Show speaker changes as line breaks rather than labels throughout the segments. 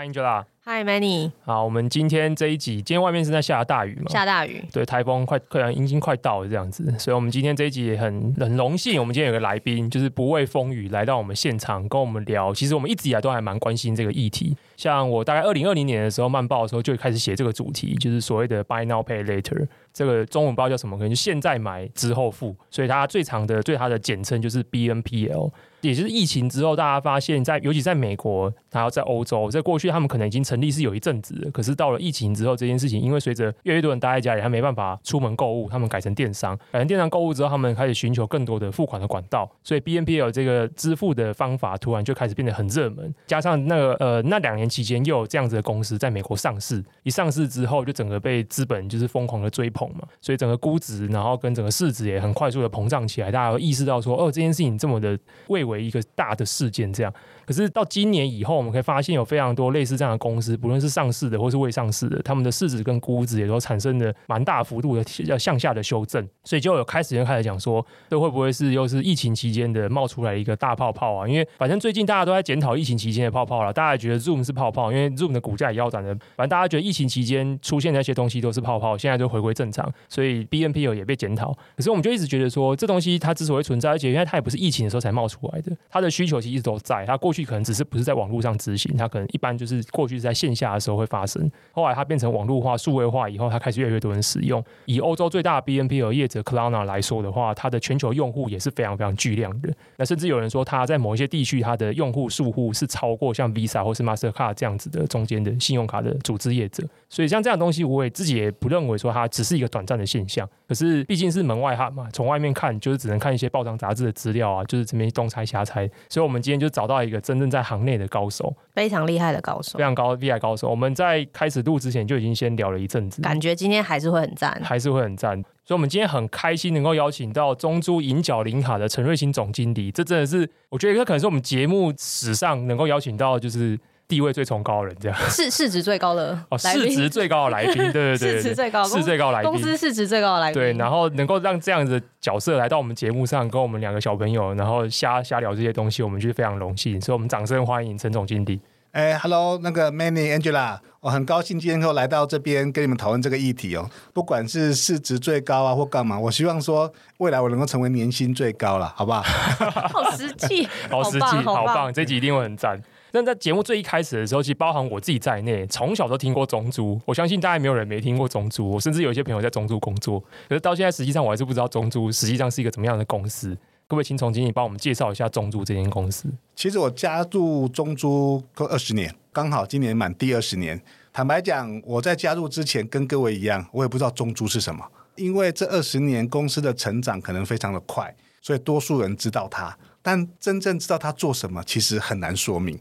Hi
Angela，Hi Manny。Hi
好，我們今天這一集，今天外面是在下大雨嘛？下大雨，對，台風快，快陽已天快到了這樣子，所以我們今天這一集也很很榮幸，我們今天有個來賓，就是不畏風雨來到我們現場跟我們聊。其實我們一直以來都還蠻關心這個議題，像我大概二零二零年的時候，曼報的時候就開始寫這個主題，就是所謂的 Buy Now Pay Later，這個中文不知道叫什麼，可能就現在買之後付，所以它最常的對它的簡稱就是 BNPL。也就是疫情之後，大家發現，在尤其在美國，還有在歐洲，在過去他們可能已經成立是有一陣子，可是到了疫情之後，這件事情因為隨着越來越多人待在家裡，他沒辦法出門購物，他們改成電商，改成電商購物之後，他們開始尋求更多的付款的管道，所以 BNPL 有這個支付的方法，突然就開始變得很熱門。加上那個呃，那兩年期間又有這樣子的公司在美國上市，一上市之後就整個被資本就是瘋狂的追捧嘛，所以整個估值，然後跟整個市值也很快速的膨脹起來。大家會意識到說，哦，這件事情這麼的為。為一個大的事件，這樣。可是到今年以後，我們可以發現有非常多類似這樣的公司，不論是上市的或是未上市的，他們的市值跟估值也都產生了蠻大幅度的要向下的修正，所以就有開始人開始講說，這會不會是又是疫情期間的冒出來一個大泡泡啊？因為反正最近大家都在檢討疫情期間的泡泡了，大家也覺得 Zoom 是泡泡，因為 Zoom 的股價也腰斬的，反正大家覺得疫情期間出現的那些東西都是泡泡，現在就回歸正常，所以 BNPL 也被檢討。可是我們就一直覺得說，這東西它之所以存在，而且因為它也不是疫情的時候才冒出來的，它的需求其實一直都在，它過去。可能只是不是在網絡上執行，它可能一般就是過去是在線下的時候會發生。後來它變成網絡化、數位化以後，它開始越來越多人使用。以歐洲最大的 BNPL 業者 Klarna 來說的話，它的全球用戶也是非常非常巨量的。那甚至有人說，它在某一些地區，它的用戶數戶是超過像 Visa 或是 MasterCard 這樣子的中間的信用卡的組織業者。所以像這樣東西，我也自己也不認為說它只是一個短暫的現象。可是畢竟是門外漢嘛，從外面看就是只能看一些報章雜誌的資料啊，就是這邊東猜瞎猜。所以我們今天就找到一個。真正在行內的高手，非常厲害的高手，非常高厲害高手。我們在開始錄之前就已經先聊了一陣子，
感覺今天還是會很讚，
還是會很讚。所以，我們今天很開心能夠邀請到中租銀角零卡的陳瑞興總經理，這真的是我覺得這可能是我們節目史上能夠邀請到就是。地位最崇高的人，這樣市
市值最高的哦，市值最
高的來賓、哦， 對對對，對， 市值最高的，市值最高的來賓，公司
市值最高的來賓。對，
然後能夠讓這樣子的角色來到我們節目上，跟我們兩個小朋友，然後瞎瞎聊這些東西，我們就非常榮幸，所以我們掌聲歡迎陳總經理。哎、欸、Hello，
那個 Manny Angela，
我很高興今天能來到這邊跟你們討論這個議題哦、喔。不管
是市值最高啊，或幹嘛，我希望說未來我能夠成為年薪最高了，好不
好？好實際， 好實際際，好棒，這集一定會很讚。但在節目最一開始的時候，其實包含我自己在內，從小都聽過中租。我相信大家也沒有人沒聽過中租。我甚至有一些朋友在中租工作，可是到現在實際上我還是不知道中租實際上是一個怎麼樣的公司。各位，請總經理幫我們介紹一下中租這間公司。
其實我加入中租快二十年，剛好今年滿第二十年。坦白講，我在加入之前跟各位一樣，我也不知道中租是什麼。因為這二十年公司的成長可能非常的快，所以多數人知道他，但真正知道他做什麼，其實很難說明。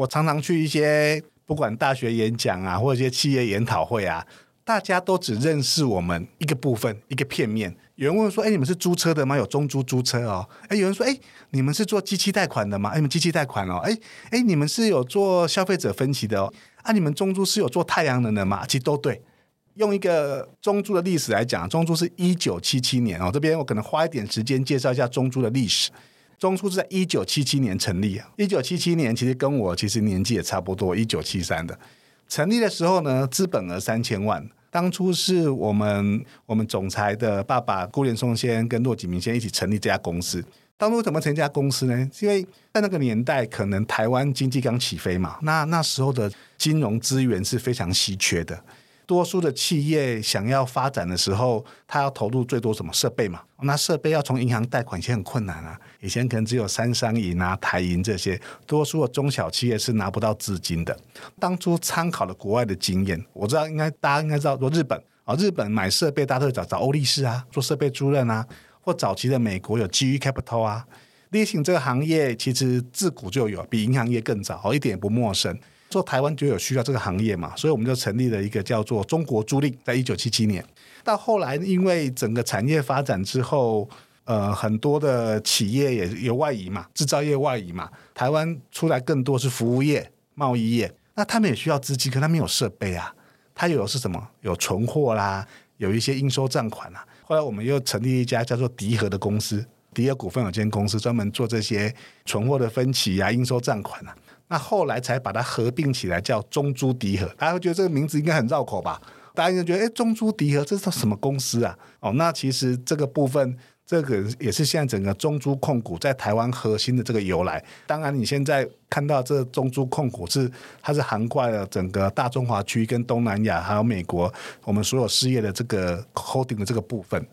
我常常去一些不管大學演講啊，或者一些企業研討會啊，大家都只認識我們一個部分，一個片面。有人問說：“誒、欸，你們是租車的嗎？有中租租車哦。欸”誒，有人說：“誒、欸，你們是做機器貸款的嗎？欸、你們機器貸款哦。欸”誒，誒，你們是有做消費者分期的哦。啊，你們中租是有做太陽能的嗎？其實都對。用一個中租的歷史來講，中租是一九七七年哦。這邊我可能花一點時間介紹一下中租的歷史。仲信是在一九七七年成立，一九七七年其實跟我其實年紀也差不多，一九七三的。成立的時候呢，資本額三千萬。當初是我們我們總裁的爸爸辜濂松先跟駱錦明先一起成立這家公司。當初怎麼成立這家公司呢？是因為在那個年代，可能台灣經濟剛起飛嘛，那那時候的金融資源是非常稀缺的。多數的企業想要發展的時候，他要投入最多什麼設備嘛？那設備要從銀行貸款，其實很困難啊。以前可能只有三商銀啊、台銀這些，多數的中小企業是拿不到資金的。當初參考了國外的經驗，我知道應該大家應該知道，說日本啊、哦，日本買設備大家都會找找歐力士啊，做設備租賃啊，或早期的美國有 GE Capital 啊。leasing 這個行業其實自古就有，比銀行業更早，哦、一點也不陌生。做台灣就有需要這個行業嘛，所以我們就成立了一個叫做中國租賃，在一九七七年。到後來，因為整個產業發展之後，呃，很多的企業也有外移嘛，製造業外移嘛，台灣出來更多是服務業、貿易業。那他們也需要資金，可他們有設備啊，他有的是什麼？有存貨啦，有一些應收賬款啊。後來我們又成立一家叫做迪和的公司，迪和股份有限公司，專門做這些存貨的分期呀、啊、應收賬款啊。那後來才把它合併起來，叫中租迪和。大家會覺得這個名字應該很繞口吧？大家就覺得，哎，中租迪和這是什麼公司啊？哦，那其實這個部分，這個也是現在整個中租控股在台灣核心的這個由來。當然，你現在看到這個中租控股是它是涵蓋了整個大中華區、跟東南亞、還有美國，我們所有事業的這個 holding 的這個部分。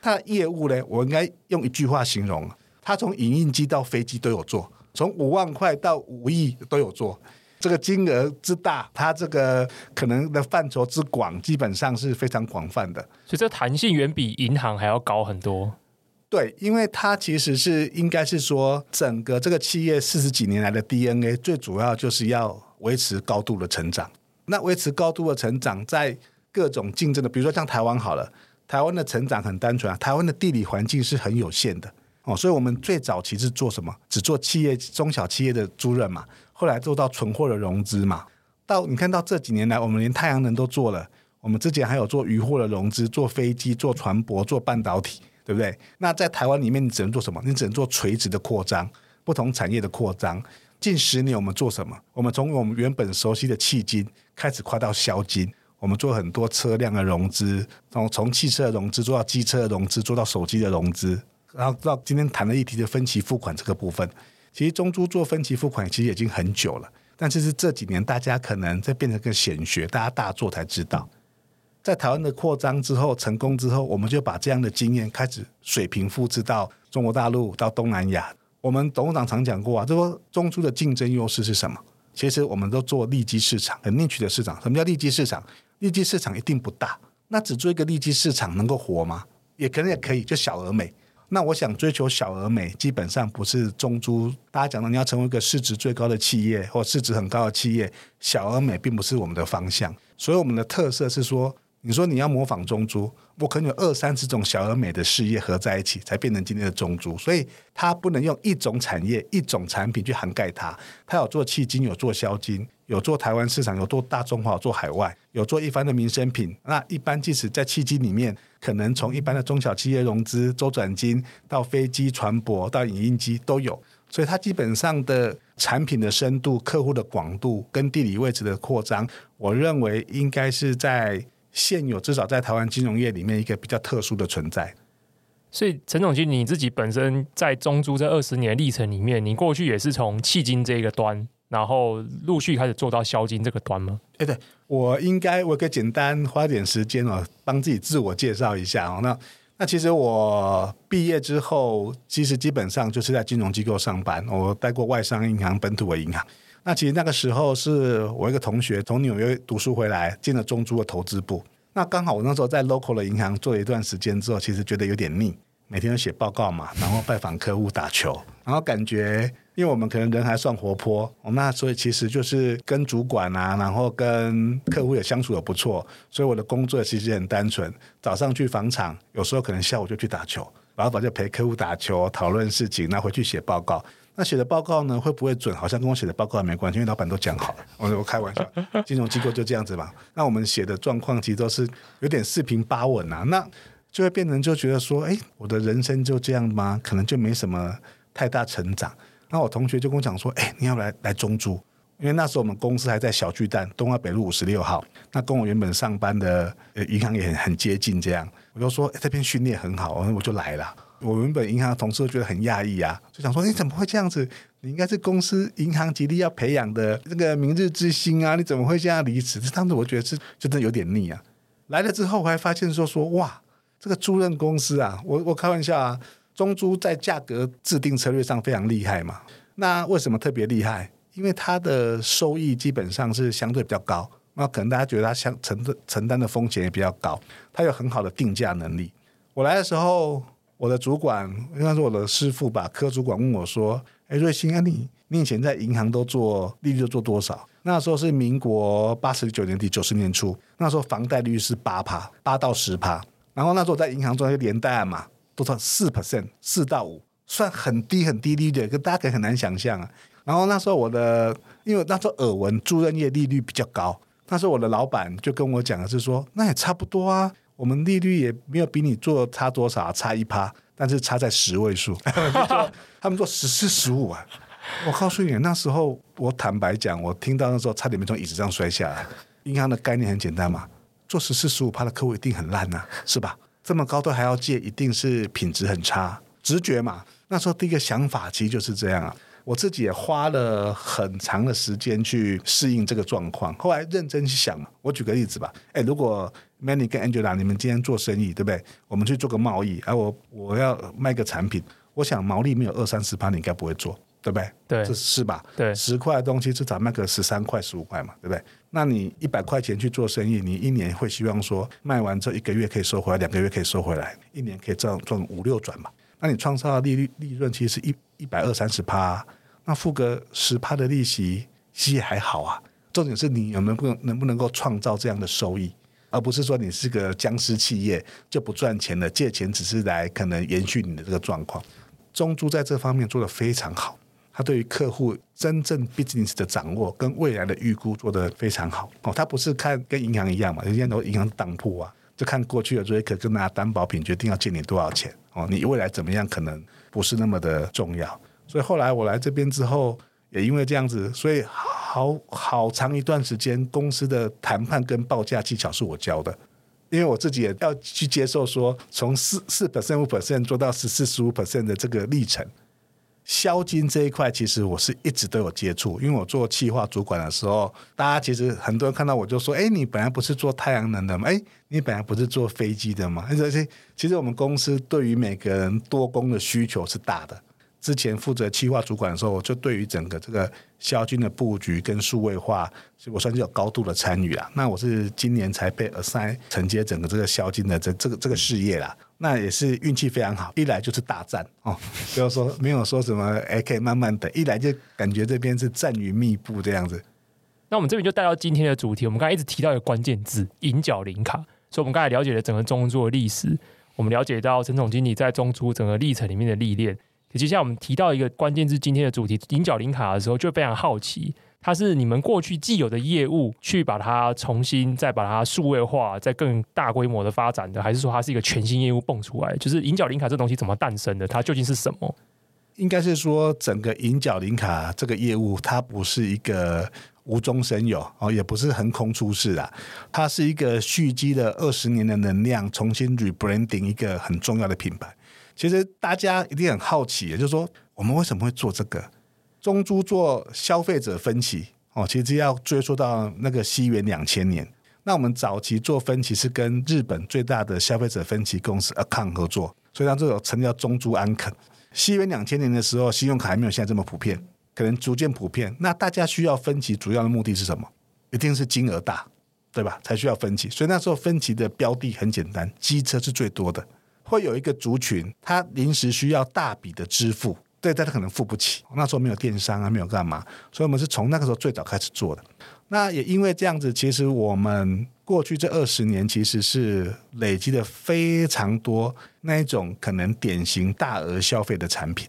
它的業務呢，我應該用一句話形容，它從影印機到飛機都有做。從五萬塊到五億都有做，這個金額之大，它這個可能的範疇之廣，基本上是非常廣泛的。
所以這彈性遠比銀行還要高很多。
對，因為它其實是應該是說，整個這個企業四十幾年來的 DNA，最主要就是要維持高度的成長。那維持高度的成長，在各種競爭的，比如說像台灣好了，台灣的成長很單純啊，台灣的地理環境是很有限的。哦，所以我們最早其實做什麼？只做企業中小企業的租賃嘛，後來做到存貨的融資嘛，到你看到這幾年來，我們連太陽能都做了。我們之前還有做漁貨的融資，做飛機、做船舶、做半導體，對不對？那在台灣裡面，你只能做什麼？你只能做垂直的擴張，不同產業的擴張。近十年我們做什麼？我們從我們原本熟悉的企金開始跨到消金。我們做很多車輛的融資，然後從汽車的融資做到機車的融資，做到手機的融資。然後，到今天談的議題是分期付款這個部分。其實中珠做分期付款其實已經很久了，但是是這幾年大家可能在變成個顯學，大家大做才知道，在台灣的擴張之後成功之後，我們就把這樣的經驗開始水平複製到中國大陸、到東南亞。我們董事長常講過啊，就說中珠的競爭優勢是什麼？其實我們都做利基市場，很 niche 的市場。什麼叫利基市場？利基市場一定不大，那只做一個利基市場能夠活嗎？也可能也可以，就小而美。那我想追求小而美，基本上不是中租。大家講的你要成為一個市值最高的企業或市值很高的企業，小而美並不是我們的方向。所以我們的特色是說，你說你要模仿中租，我可能有二三十種小而美的事業合在一起，才變成今天的中租。所以它不能用一種產業、一種產品去涵蓋它，它有做企金，有做消金。有做台灣市場，有做大中華，有做海外，有做一般的民生品。那一般即使在企金裡面，可能從一般的中小企業融資周轉金，到飛機、船舶、到影印機都有。所以它基本上的產品的深度、客戶的廣度跟地理位置的擴張，我認為應該是在現有，至少在台灣金融業裡面一個比較特殊的存在。
所以陳總經理，你自己本身在中租這二十年歷程裡面，你過去也是從企金這個端。然後陸續開始做到消金這個端嗎？
哎，欸、對，我應該我可簡單花點時間哦，幫自己自我介紹一下哦。那那其實我畢業之後，其實基本上就是在金融機構上班，我待過外商銀行、本土的銀行。那其實那個時候是我一個同學從紐約讀書回來，進了中租的投資部。那剛好我那時候在 local 的銀行做了一段時間之後，其實覺得有點膩，每天都寫報告嘛，然後拜訪客戶、打球，然後感覺。因為我們可能人還算活潑，那所以其實就是跟主管啊，然後跟客戶也相處也不錯，所以我的工作其實很單純。早上去房場，有時候可能下午就去打球，然後我就陪客戶打球討論事情，那回去寫報告。那寫的報告呢會不會準？好像跟我寫的報告也沒關係，因為老闆都講好了。我我開玩笑，金融機構就這樣子嘛。那我們寫的狀況其實都是有點四平八穩啊，那就會變成就覺得說，哎，我的人生就這樣嗎？可能就沒什麼太大成長。那我同學就跟我講說：“誒、欸，你要不來來中租？因為那時候我們公司還在小巨蛋，敦化北路五十六號，那跟我原本上班的呃銀行也很很接近，這樣我就說、欸、這邊訓練很好，我說，我就來了。我原本銀行的同事都覺得很訝異啊，就想說：你怎麼會這樣子？你應該是公司銀行極力要培養的這個明日之星啊，你怎麼會這樣離職？當時我覺得是真的有點膩啊。來了之後，我還發現說說哇，這個租賃公司啊，我我開玩笑啊。”中租在價格制定策略上非常厲害嘛？那為什麼特別厲害？因為它的收益基本上是相對比較高，那可能大家覺得它相承擔承擔的風險也比較高，它有很好的定價能力。我來的時候，我的主管應該是我的師傅吧，科主管問我說：“哎、欸，瑞興、啊，你你以前在銀行都做利率就做多少？那時候是民國八十九年底九十年初，那時候房貸利率是八趴，八到十趴。然後那時候我在銀行做一些連貸嘛。”多少四 percent，四到五算很低很低利率的，可大家可以很難想象啊。然後那時候我的，因為那時候耳聞租賃業利率比較高，那時候我的老板就跟我講的是說，那也差不多啊，我們利率也沒有比你做差多少，啊，差一趴，但是差在十位數。 他們做十四、十五啊，我告訴你，那時候我坦白講，我聽到那時候差點沒從椅子上摔下來。銀行的概念很簡單嘛，做十四、十五趴的客戶一定很爛吶，啊，是吧？這麼高都還要借，一定是品質很差。直覺嘛，那時候第一個想法其實就是這樣啊。我自己也花了很長的時間去適應這個狀況。後來認真去想，我舉個例子吧。哎、欸，如果 Manny 跟 Angela 你們今天做生意，對不對？我們去做個貿易，哎、啊，我我要賣個產品，我想毛利沒有二三十趴，你應該不會做。對不對？對這是吧？對，十塊的東西至少賣個十三塊、十五塊嘛，對不對？那你一百塊錢去做生意，你一年會希望說賣完之後一個月可以收回來，兩個月可以收回來，一年可以賺賺五六轉嘛？那你創造的利率利潤其實一一百二三十趴，那付個十趴的利息，其實還好啊。重點是你能不能能不能夠創造這樣的收益，而不是說你是個僵屍企業就不賺錢了，借錢只是來可能延續你的這個狀況。中租在這方面做得非常好。他對於客戶真正 business 的掌握跟未來的預估做得非常好哦，他不是看跟銀行一樣嘛，人家都銀行當鋪啊，就看過去的追客跟拿擔保品決定要借你多少錢哦，你未來怎麼樣可能不是那麼的重要，所以後來我來這邊之後，也因為這樣子，所以好好長一段時間公司的談判跟報價技巧是我教的，因為我自己也要去接受說從四四 percent 五 percent 做到十四十五 percent 的這個歷程。銷金這一塊，其實我是一直都有接觸，因為我做企化主管的時候，大家其實很多人看到我就說：“哎、欸，你本來不是做太陽能的嗎？哎、欸，你本來不是做飛機的嗎？”這些其實我們公司對於每個人多工的需求是大的。之前負責企劃主管的時候，我就對於整個這個消金的布局跟數位化，所以我算是有高度的參與啦。那我是今年才被 assign 承接整個這個消金的這這個這個事業啦。那也是運氣非常好，一來就是大戰哦，不、喔、要說沒有說什麼哎、欸，可以慢慢等，一來就感覺這邊是戰雲密布這樣子。
那我們這邊就帶到今天的主題，我們剛才一直提到一個關鍵字——銀角零卡。所以我們剛才了解了整個中租的歷史，我們了解到陳總經理在中租整個歷程裡面的歷練。其實像我們提到一個關鍵字，今天的主題“銀角零卡”的時候，就非常好奇，它是你們過去既有的業務，去把它重新再把它數位化，再更大規模的發展的，還是說它是一個全新業務蹦出來？就是“銀角零卡”這東西怎麼誕生的？它究竟是什麼？應該是
說，整個“銀角零卡”這個業務，它不是一個無中生有哦，也不是橫空出世啦，它是一個蓄積了二十年的能量，重新 rebranding 一個很重要的品牌。其實大家一定很好奇，也就是說，我們為什麼會做這個仲信做消費者分期。哦？其實要追溯到那個西元兩千年。那我們早期做分期是跟日本最大的消費者分期公司安肯合作，所以他這個成立叫仲信安肯。西元兩千年的時候，信用卡還沒有現在這麼普遍，可能逐漸普遍。那大家需要分期主要的目的是什麼？一定是金額大，對吧？才需要分期。所以那時候分期的標的很簡單，機車是最多的。會有一個族群，他臨時需要大筆的支付，對，但他可能付不起。那時候沒有電商，啊，沒有幹嘛，所以我們是從那個時候最早開始做的。那也因為這樣子，其實我們過去這二十年其實是累積了非常多那一種可能典型大額消費的產品，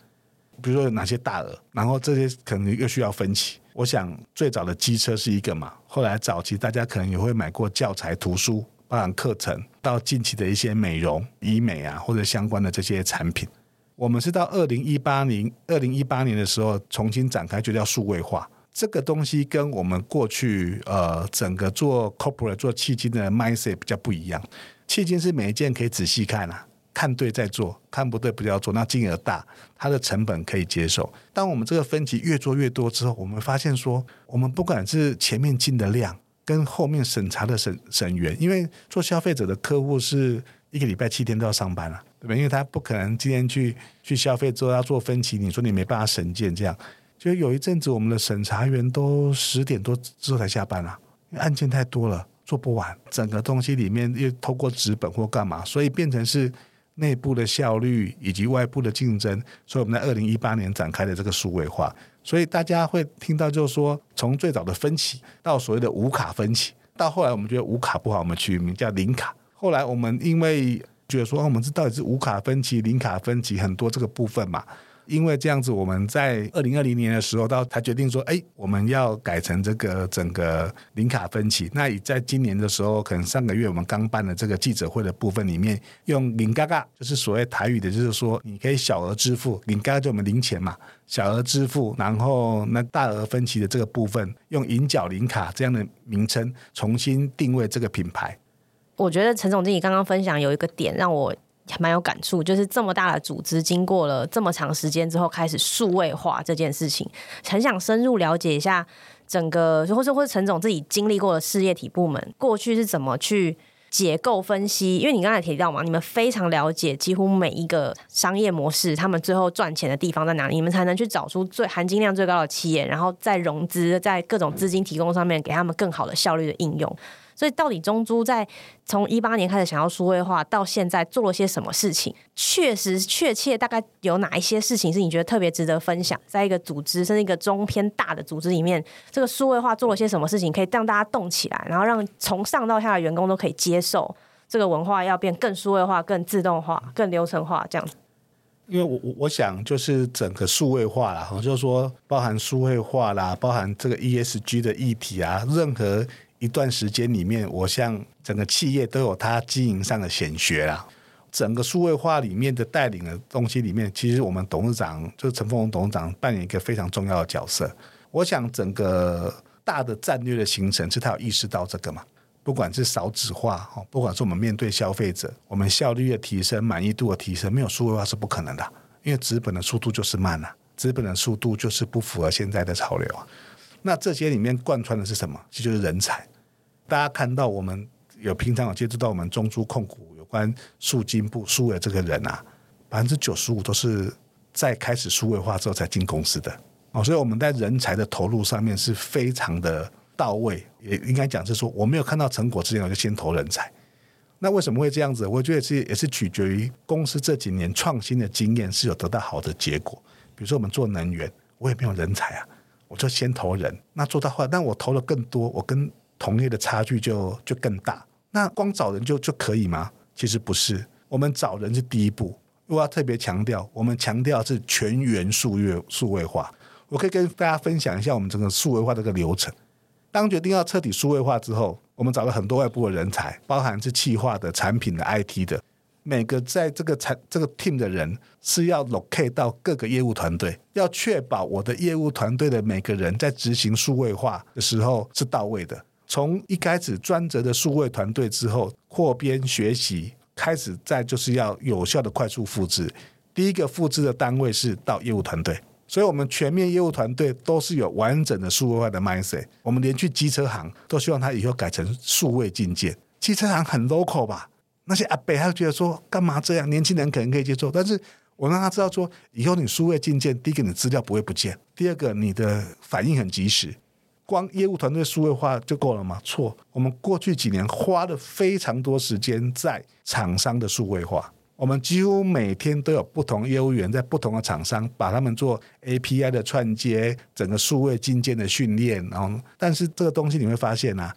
比如說有哪些大額，然後這些可能又需要分期。我想最早的機車是一個嘛，後來早期大家可能也會買過教材圖書。課程到近期的一些美容醫美啊，或者相關的這些產品。我們是到二零一八年，二零一八年的時候重新展開，就叫數位化這個東西，跟我們過去呃整個做 corporate 做企金的 mindset 比較不一樣。企金是每一件可以仔細看啊，看對再做，看不對不要做，那金額大，它的成本可以接受。當我們這個分期越做越多之後，我們發現說，我們不管是前面進的量，跟後面審查的審審員，因為做消費者的客戶是一個禮拜七天都要上班了、啊，對吧？因為他不可能今天去去消費之後要做分期，你說你沒辦法審件這樣。就有一陣子，我們的審查員都十點多之後才下班了、啊，因為案件太多了，做不完。整個東西裡面又透過紙本或幹嘛，所以變成是內部的效率以及外部的競爭。所以我們在二零一八年展開的這個數位化。所以大家會聽到，就是說從最早的分期到所謂的無卡分期，到後來我們覺得無卡不好，我們取名叫零卡。後來我們因為覺得說，我們這到底是無卡分期、零卡分期很多這個部分嘛，因為這樣子，我們在二零二零年的時候，到他決定說，哎，我們要改成這個整個零卡分期。那也在今年的時候，可能上個月我們剛辦的這個記者會的部分裡面，用零嘎嘎，就是所謂台語的，就是說你可以小額支付，零嘎嘎就我們零錢嘛。小額支付，然後那大額分期的這個部分，用銀角零卡這樣的名稱重新定位這個品牌。
我覺得陳總經理剛剛分享有一個點讓我蠻有感觸，就是這麼大的組織經過了這麼長時間之後開始數位化這件事情，很想深入了解一下整個或者或是陳總自己經歷過的事業體部門過去是怎麼去。結構分析，因為你剛才提到嘛，你們非常了解幾乎每一個商業模式，他們最後賺錢的地方在哪裡，你們才能去找出最含金量最高的企業，然後在融資、在各種資金提供上面給他們更好的效率的應用。所以，到底中租在從一八年開始想要數位化到現在做了些什麼事情？確實、確切，大概有哪一些事情是你覺得特別值得分享？在一個組織，甚至一個中偏大的組織裡面，這個數位化做了些什麼事情，可以讓大家動起來，然後讓從上到下的員工都可以接受這個文化要變更數位化、更自動化、更流程化這樣子？
因為我我我想就是整個數位化啦，就是說包含數位化啦，包含這個 ESG 的議題啊，任何。一段時間裡面，我想整個企業都有它經營上的顯學啦。整個數位化裡面的帶領的東西裡面，其實我們董事長就是陳峰董事長扮演一個非常重要的角色。我想整個大的戰略的形成是他有意識到這個嘛？不管是少紙化哦，不管是我們面對消費者，我們效率的提升、滿意度的提升，沒有數位化是不可能的。因為紙本的速度就是慢吶、啊，紙本的速度就是不符合現在的潮流啊。那這些裡面貫穿的是什麼？這就是人才。大家看到我們有平常有接觸到我們中租控股有關數金部數位這個人啊，百分之九十五都是在開始數位化之後才進公司的哦，所以我們在人才的投入上面是非常的到位，也應該講是說我沒有看到成果之前我就先投人才。那為什麼會這樣子？我覺得也是也是取決於公司這幾年創新的經驗是有得到好的結果。比如說我們做能源，我也沒有人才啊，我就先投人。那做到話但我投了更多，我跟同業的差距就就更大。那光找人就就可以嗎？其實不是。我們找人是第一步。我要特別強調，我們強調是全員數月數位化。我可以跟大家分享一下我們整個數位化的這個流程。當決定要徹底數位化之後，我們找了很多外部的人才，包含是企劃的、產品的、IT 的。每個在這個產這個 team 的人是要 locate 到各個業務團隊，要確保我的業務團隊的每個人在執行數位化的時候是到位的。從一開始專責的數位團隊之後擴編學習開始，再就是要有效的快速複製。第一個複製的單位是到業務團隊，所以我們全面業務團隊都是有完整的數位化的 mindset。我們連去機車行都希望他以後改成數位進件。機車行很 local 吧，那些阿伯他就覺得說幹嘛這樣？年輕人可能可以接受，但是我讓他知道說，以後你數位進件，第一個你的資料不會不見，第二個你的反應很及時。光業務團隊數位化就夠了嗎？錯，我們過去幾年花了非常多時間在廠商的數位化，我們幾乎每天都有不同業務員在不同的廠商，把他們做 API 的串接，整個數位進階的訓練。然後，哦，但是這個東西你會發現啊，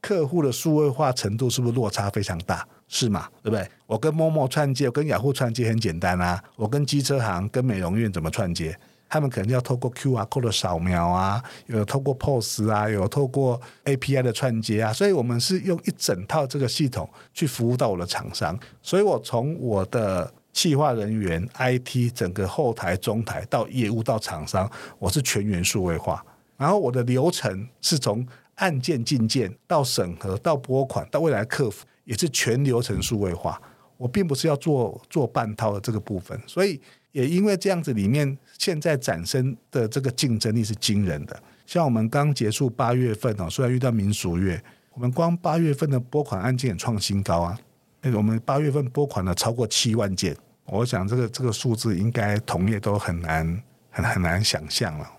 客戶的數位化程度是不是落差非常大？是嗎？對不對？我跟 Momo 串接，我跟雅虎串接很簡單啊，我跟機車行、跟美容院怎麼串接？他們可能要透過 Q R code 的掃描啊，有，有透過 POS 啊，有，有透過 A P I 的串接啊，所以我們是用一整套這個系統去服務到我的廠商。所以我從我的企劃人員、I T 整個後台、中台到業務到廠商，我是全員數位化。然後我的流程是從案件進件到審核到撥款到未來客服，也是全流程數位化。我並不是要做做半套的這個部分，所以。也因為這樣子，裡面現在產生的這個競爭力是驚人的。像我們剛結束八月份哦，雖然遇到民俗月，我們光八月份的撥款案件創新高啊。我們八月份撥款了超過七萬件，我想這個這個數字應該同業都很難很很難想象了。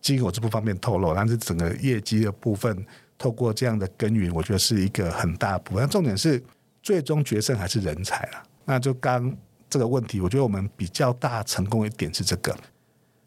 機我是不方便透露，但是整個業績的部分，透過這樣的耕耘，我覺得是一個很大部分。重點是最終決勝還是人才了啊。那就剛。這個問題，我覺得我們比較大成功一點是這個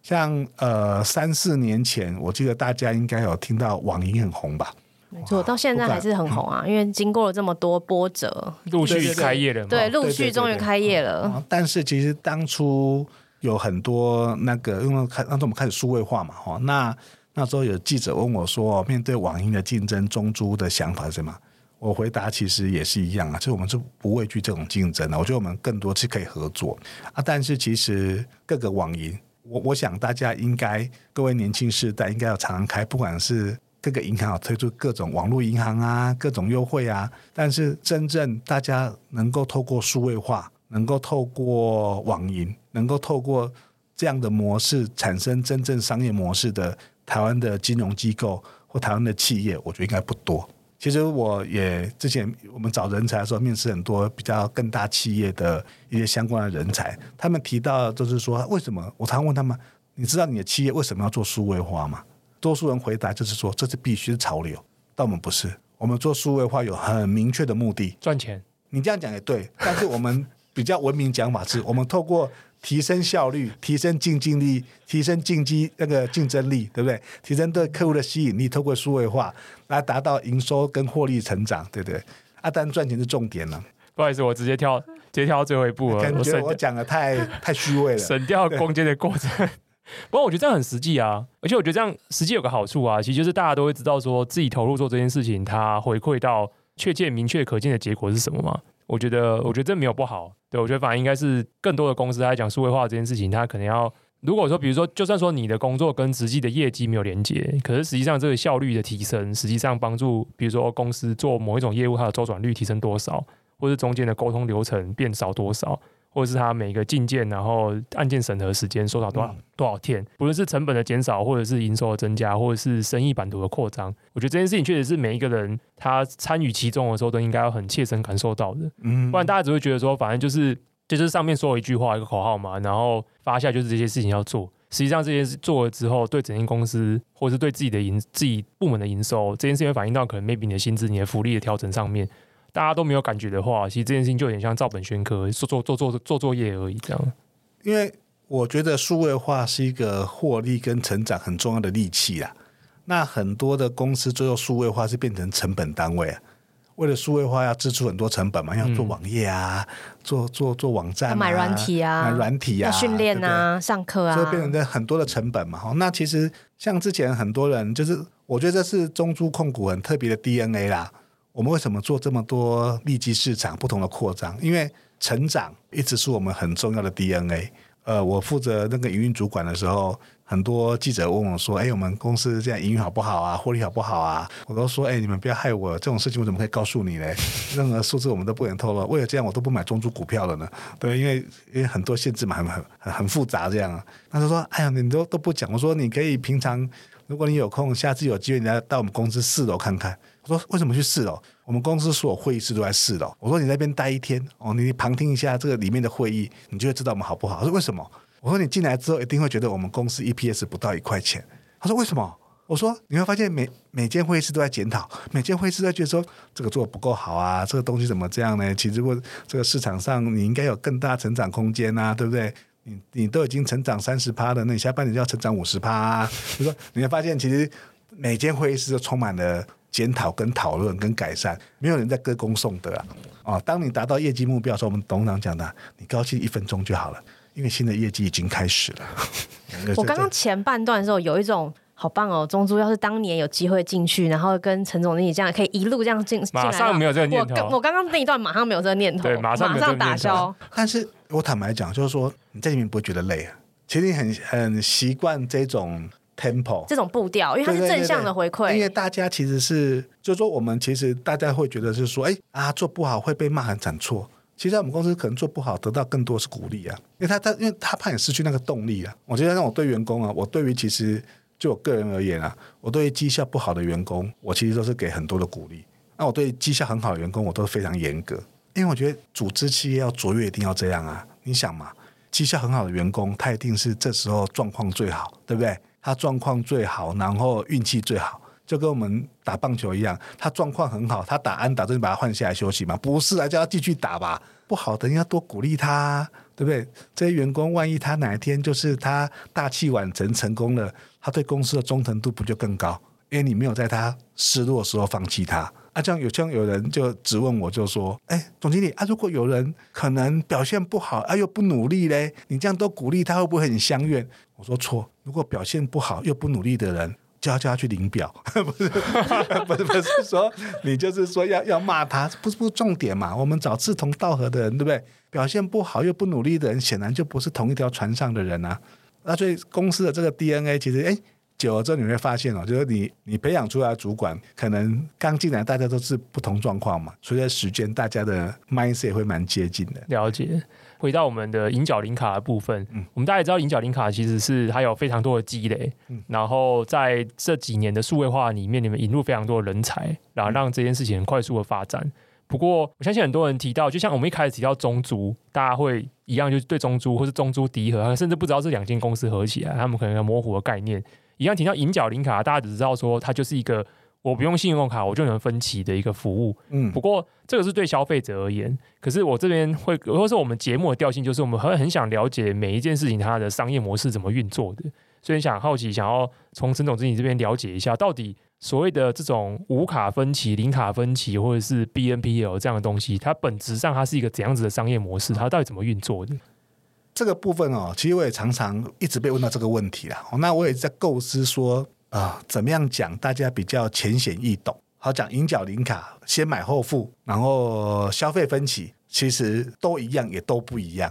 像，像呃三四年前，我記得大家應該有聽到網銀很紅吧？
沒錯，到現在還是很紅啊，嗯、因為經過了這麼多波折，陸續
開業了，對，對，對，對，陸、嗯、續終於
開業了對對對對，嗯嗯嗯。
但是其實當初有很多那個，因為開那時候我們開始數位化嘛，哈、哦，那那時候有記者問我說，面對網銀的競爭，中租的想法是什麼？我回答，其實也是一樣啊，所以我們是不畏懼這種競爭的啊。我覺得我們更多是可以合作啊。但是其實各個網銀，我我想大家應該各位年輕世代應該要常常開，不管是各個銀行有推出各種網絡銀行啊，各種優惠啊。但是真正大家能夠透過數位化，能夠透過網銀，能夠透過這樣的模式產生真正商業模式的台灣的金融機構或台灣的企業，我覺得應該不多。其實我也之前我們找人才的時候，面試很多比較更大企業的一些相關的人才，他們提到就是說，為什麼我常問他們，你知道你的企業為什麼要做數位化嗎？多數人回答就是說，這是必須潮流。但我們不是，我們做數位化有很明確的目的，賺錢。你這樣講也對，但是我們比較文明講法是我們透過，提升效率，提升競爭力，提升競技那個競爭力，對不對？提升對客戶的吸引力，透過數位化來達到營收跟獲利成長，對不對？阿、啊、但賺錢是重點了。
不好意思，我直接跳，直接跳到最後一步了。我我講的太 太虛偽了，省掉攻堅的過程。對 不過我覺得這樣很實際啊，而且我覺得這樣實際有個好處啊，其實就是大家都會知道，說自己投入做這件事情，它回饋到確切、明確、可見的結果是什麼嗎？我覺得，我覺得這沒有不好。對，我覺得，反而應該是更多的公司他講數位化這件事情，他可能要，如果說，比如說，就算說你的工作跟實際的業績沒有連接，可是實際上這個效率的提升，實際上幫助，比如說公司做某一種業務，它的週轉率提升多少，或是中間的溝通流程變少多少。或者是他每個進件，然後案件審核時間縮到多少、嗯、多少天，不論是成本的減少，或者是營收的增加，或者是生意版圖的擴張，我覺得這件事情確實是每一個人他參與其中的時候，都應該要很切身感受到的。嗯，不然大家只會覺得說，反正就是就是上面說一句話一個口號嘛，然後發下就是這些事情要做。實際上這些做了之後，對整間公司，或者是對自己的營自己部門的營收，這件事情會反映到可能 maybe 你的薪資、你的福利的調整上面。大家都沒有感覺的話，其實這件事情就有點像照本宣科，做做做做做作業而已這樣。
因為我覺得數位化是一個獲利跟成長很重要的利器啊。那很多的公司最後數位化是變成，成成本單位啊。為了數位化要支出很多成本嘛，嗯、要做網頁啊，做做做網站，啊，買軟體啊，買軟體啊，訓練啊，對
對上課啊，就變成
很多的成本嘛。那其實像之前很多人，就是我覺得這是中租控股很特別的 DNA 啦。我們為什麼做這麼多利基市場不同的擴張？因為成長一直是我們很重要的 DNA。呃，我負責那個營運主管的時候，很多記者問我說：“哎，我們公司這樣營運好不好啊？獲利好不好啊？”我都說：“哎，你們不要害我，這種事情我怎麼可以告訴你呢？任何數字我們都不敢透露。為了這樣，我都不買中資股票了呢，對，因為因為很多限制嘛，很很很複雜這樣。他就說：‘哎呀，你都都不講。’我說：‘你可以平常，如果你有空，下次有機會，你來到我們公司四樓看看。’我說為什麼去試哦？我們公司所有會議室都在試哦。我說你在那邊待一天哦，你旁聽一下這個裡面的會議，你就會知道我們好不好？他說為什麼？我說你進來之後一定會覺得我們公司 EPS 不到一塊錢。他說為什麼？我說你會發現每每間會議室都在檢討，每間會議室都在覺得說這個做的不夠好啊，這個東西怎麼這樣呢？其實我這個市場上你應該有更大成長空間啊，對不對？你你都已經成長三十趴了，那你下半年就要成長五十趴啊。他說你會發現其實每間會議室都充滿了。檢討、檢討跟討論、跟改善，沒有人在歌功頌德啊，啊！當你達到業績目標的時候，我們董事長講的，你高興一分鐘就好了，因為新的業績已經開始了。呵呵，我剛剛
前半段的時候有一種好棒哦，中租要是當年有機會進去，然後跟陳總經理這樣，可以一路這樣進，馬上沒有這個念頭。我剛剛那一段馬上沒有這個念頭，對，馬上馬上打消。啊，
但是我坦白講，就是說你在裡面不會覺得累啊，其實你很很習慣這種 tempo 這
種步調，因為它是正向的回饋。對對
對對。因為大家其實是，就是說，我們其實大家會覺得是說，哎啊，做不好會被罵很慘。錯。其實，在我們公司可能做不好，得到更多是鼓勵啊。因為他他，因為他怕你失去那個動力啊。我覺得，讓我對員工啊，我對於其實就我個人而言啊，我對於績效不好的員工，我其實都是給很多的鼓勵。那我對績效很好的員工，我都是非常嚴格，因為我覺得組織企業要卓越，一定要這樣啊。你想嘛，績效很好的員工，他一定是這時候狀況最好，對不對？他狀況最好，然後運氣最好，就跟我們打棒球一樣。他狀況很好，他打安打，就把他換下來休息嘛？不是啊，叫他繼續打吧。不好的人要多鼓勵他，對不對？這些員工，萬一他哪一天就是他大器晚成成功了，他對公司的忠誠度不就更高？因為你沒有在他失落的時候放棄他。啊，這樣有這樣有人就質問我，就說：“哎，總經理啊，如果有人可能表現不好，啊又不努力嘞，你這樣多鼓勵他，會不會很鄉愿？”我說錯，如果表現不好又不努力的人，就要叫他去領表。 不是，不是，不是說你就是說要要罵他，不是不是重點嘛。我們找志同道合的人，對不對？表現不好又不努力的人，顯然就不是同一條船上的人啊。那所以公司的這個 DNA，其實哎，久了之後你會發現哦，就是你你培養出來的主管，可能剛進來大家都是不同狀況嘛。隨着時間，大家的 mindset 也會蠻接近的。
了解。回到我們的銀角零卡的部分，嗯、我們大家也知道，銀角零卡其實是它有非常多的積累，嗯、然後在這幾年的數位化裡面，你們引入非常多的人才，然後讓這件事情很快速的發展。嗯、不過，我相信很多人提到，就像我們一開始提到中租，大家會一樣，就對中租或是中租迪和，甚至不知道這兩間公司合起來，他們可能有模糊的概念一樣。提到銀角零卡，大家只知道說它就是一個。我不用信用卡，我就能分期的一個服務。嗯，不過這個是對消費者而言。可是我這邊會，或者說我們節目的調性，就是我們很很想了解每一件事情它的商業模式怎麼運作的。所以想好奇，想要從陳總經理這邊了解一下，到底所謂的這種無卡分期、零卡分期，或者是 BNPL 這樣的東西，它本質上它是一個怎樣子的商業模式？嗯、它到底怎麼運作的？
這個部分哦，其實我也常常一直被問到這個問題啦。那我也在構思說。啊，怎麼樣講，大家比較淺顯易懂？好，講銀角零卡先買後付，然後消費分期，其實都一樣也都不一樣。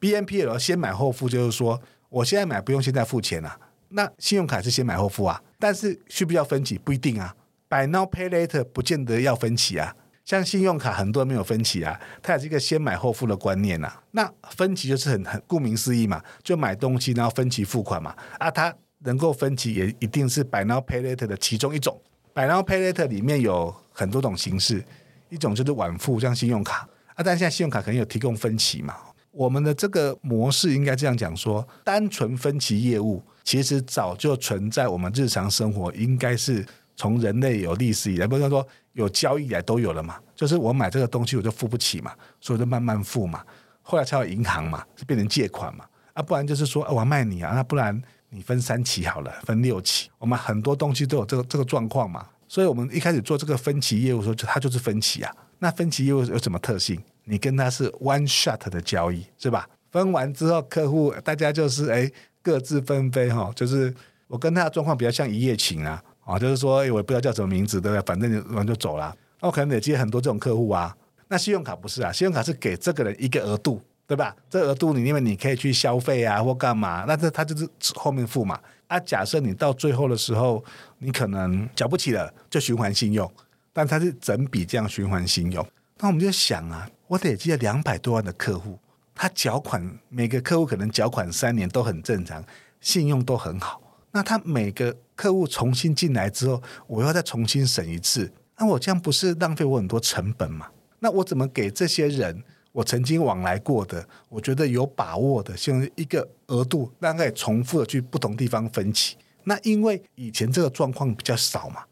BNPL 先買後付就是說，我現在買不用現在付錢啊。那信用卡是先買後付啊，但是需不需要分期不一定啊。Buy now pay later 不見得要分期啊。像信用卡很多人沒有分期啊，它也是一個先買後付的觀念啊。那分期就是很很顧名思義嘛，就買東西然後分期付款嘛。啊，它。能夠分期也一定是 buy now pay later 的其中一種。buy now pay later 裡面有很多種形式，一種就是晚付，像信用卡。啊，但現在信用卡肯定有提供分期嘛。我們的這個模式應該這樣講說，單純分期業務其實早就存在，我們日常生活應該是從人類有歷史以來，不能說有交易以來都有了嘛。就是我買這個東西我就付不起嘛，所以就慢慢付嘛。後來才有銀行嘛，就變成借款嘛。啊，不然就是說、啊、我要賣你啊，那不然。你分三期好了，分六期，我們很多東西都有這個這個狀況嘛，所以我們一開始做這個分期業務的時候，它就是分期啊。那分期業務有什麼特性？你跟他是 one shot 的交易，是吧？分完之後，客戶大家就是誒各自紛飛哈、哦，就是我跟他的狀況比較像一夜情啊，啊、哦，就是說誒我也不知道叫什麼名字，對不對？反正完就，就走了、啊。那、哦、我可能得接很多這種客戶啊。那信用卡不是啊，信用卡是給這個人一個額度。對吧？這額度你因為你可以去消費啊，或幹嘛？那這他就是後面付嘛。啊，假設你到最後的時候，你可能繳不起了，就循環信用，但它是整筆這樣循環信用。那我們就想啊，我累積了兩百多萬的客戶，他繳款每個客戶可能繳款三年都很正常，信用都很好。那他每個客戶重新進來之後，我要再重新審一次，那我這樣不是浪費我很多成本嗎？那我怎麼給這些人？我曾經往來過的，我覺得有把握的，像一個額度大概重複的去不同地方分期。那因為以前這個狀況比較少嘛，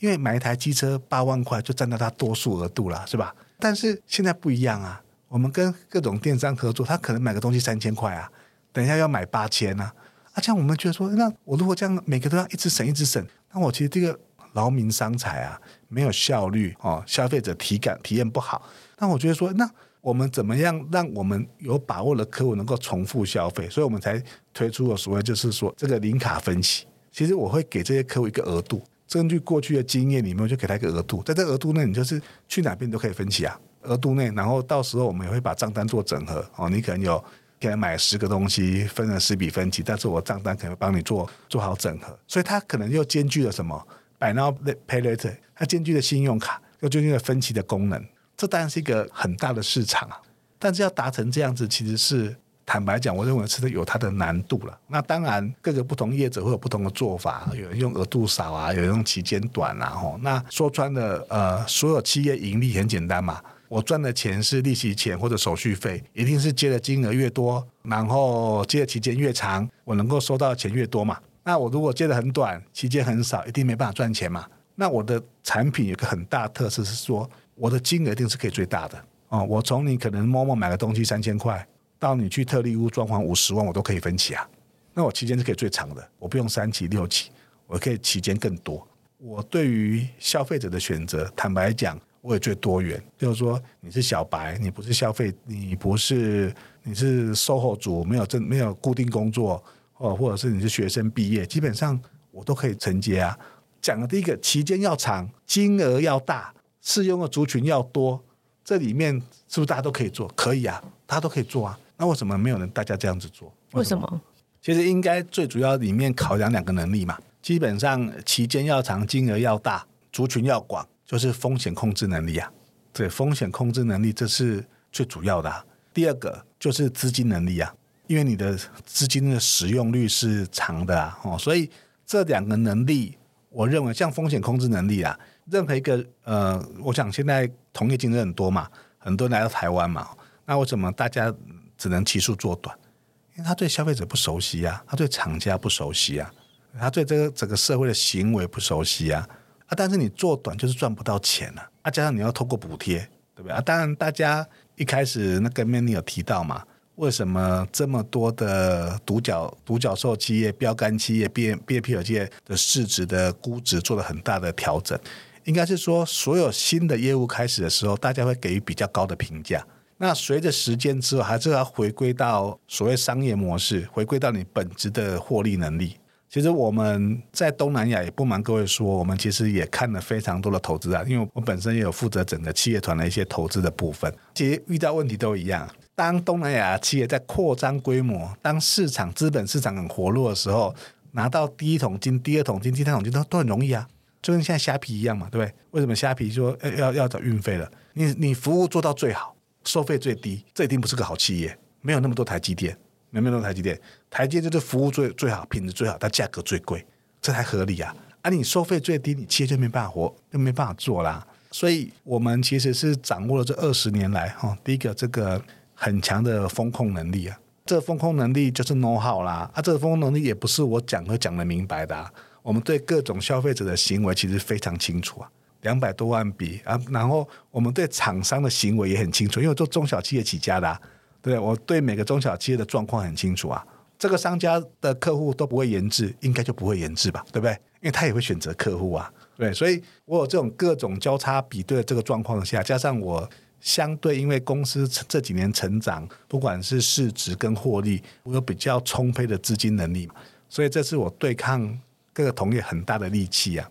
因為買一台機車八萬塊就占到它多數額度了，是吧？但是現在不一樣啊，我們跟各種電商合作，他可能買個東西三千塊啊，等一下要買八千啊。啊這樣我們覺得說，那我如果這樣每個都要一直省一直省，那我其實這個勞民傷財啊，沒有效率哦，消費者體感體驗不好。那我覺得說，那。我們怎麼樣讓我們有把握的客戶能夠重複消費？所以我們才推出了所謂就是說這個零卡分期。其實我會給這些客戶一個額度，根據過去的經驗，你們就給他一個額度，在這個額度內，你就是去哪邊都可以分期啊。額度內，然後到時候我們也會把賬單做整合哦。你可能有給他買十個東西，分了十筆分期，但是我賬單可能幫你做做好整合。所以它可能又兼具了什麼？百納 PayLater，它兼具了信用卡又兼具了分期的功能。這當然是一個很大的市場啊，但是要達成這樣子，其實是坦白講，我認為是有它的難度了。那當然，各個不同業者會有不同的做法，有人用額度少啊，有人用期間短啊，吼。那說穿了，呃，所有企業盈利很簡單嘛，我賺的錢是利息錢或者手續費，一定是借的金額越多，然後借的期間越長，我能夠收到的錢越多嘛。那我如果借的很短，期間很少，一定沒辦法賺錢嘛。那我的產品有一個很大的特色是說，我的金額一定是可以最大的哦！我從你可能摸摸買個東西三千塊，到你去特力屋裝潢五十萬，我都可以分期啊。那我期間是可以最長的，我不用三期六期，我可以期間更多。我對於消費者的選擇，坦白講，我也最多元。就是說，你是小白，你不是消費，你不是，你是 SOHO 族，沒有正沒有固定工作哦，或者是你是學生畢業，基本上我都可以承接啊。講的第一個期間要長，金額要大。適用的族群要多，這裡面是不是大家都可以做？可以啊，大家都可以做啊。那為什麼沒有人大家這樣子做？為什麼？為什麼？其實應該最主要裡面考量兩個能力嘛。基本上期間要長，金額要大，族群要廣，就是風險控制能力啊。對，風險控制能力這是最主要的啊。第二個就是資金能力啊，因為你的資金的使用率是長的啊，哦，所以這兩個能力，我認為像風險控制能力啊。任何一個呃，我想現在同業競爭很多嘛，很多人來到台灣嘛，那為什麼大家只能起訴做短？因為他對消費者不熟悉呀、啊，他對廠家不熟悉呀、啊，他對這個整個社會的行為不熟悉啊啊！但是你做短就是賺不到錢了啊，啊，加上你要透過補貼，對不對啊？當然，大家一開始那個 Manny 有提到嘛，為什麼這麼多的獨角獨角獸企業、標杆企業、BNPL 企業的市值的估值做了很大的調整？應該是說，所有新的業務開始的時候，大家會給予比較高的評價。那隨着時間之後，還是要回歸到所謂商業模式，回歸到你本職的獲利能力。其實我們在東南亞，也不瞞各位說，我們其實也看了非常多的投資啊，因為我本身也有負責整個企業團的一些投資的部分。其實遇到問題都一樣。當東南亞企業在擴張規模，當市場資本市場很活絡的時候，拿到第一桶金、第二桶金、第三桶金都都很容易啊。就跟現在蝦皮一樣嘛，對不對？為什麼蝦皮說要要要找運費了？你你服務做到最好，收費最低，這一定不是個好企業。沒有那麼多台積電，沒有那麼多台積電，台積電就是服務最最好，品質最好，但價格最貴，這才合理啊！啊，你收費最低，你企業就沒辦法活，就沒辦法做啦。所以我們其實是掌握了這二十年來哈、哦，第一個這個很強的風控能力啊。這個風控能力就是 know how 啦啊，這個風控能力也不是我講都講得明白的、啊。我們對各種消費者的行為其實非常清楚啊，兩百多萬筆啊，然後我們對廠商的行為也很清楚，因為我做中小企業起家的啊，對，我對每個中小企業的狀況很清楚啊。這個商家的客戶都不會延滯，應該就不會延滯吧，對不對？因為他也會選擇客戶啊，對，所以我有這種各種交叉比對的這個狀況下，加上我相對因為公司這幾年成長，不管是市值跟獲利，我有比較充沛的資金能力嘛，所以這次我對抗。各個同業很大的力氣啊，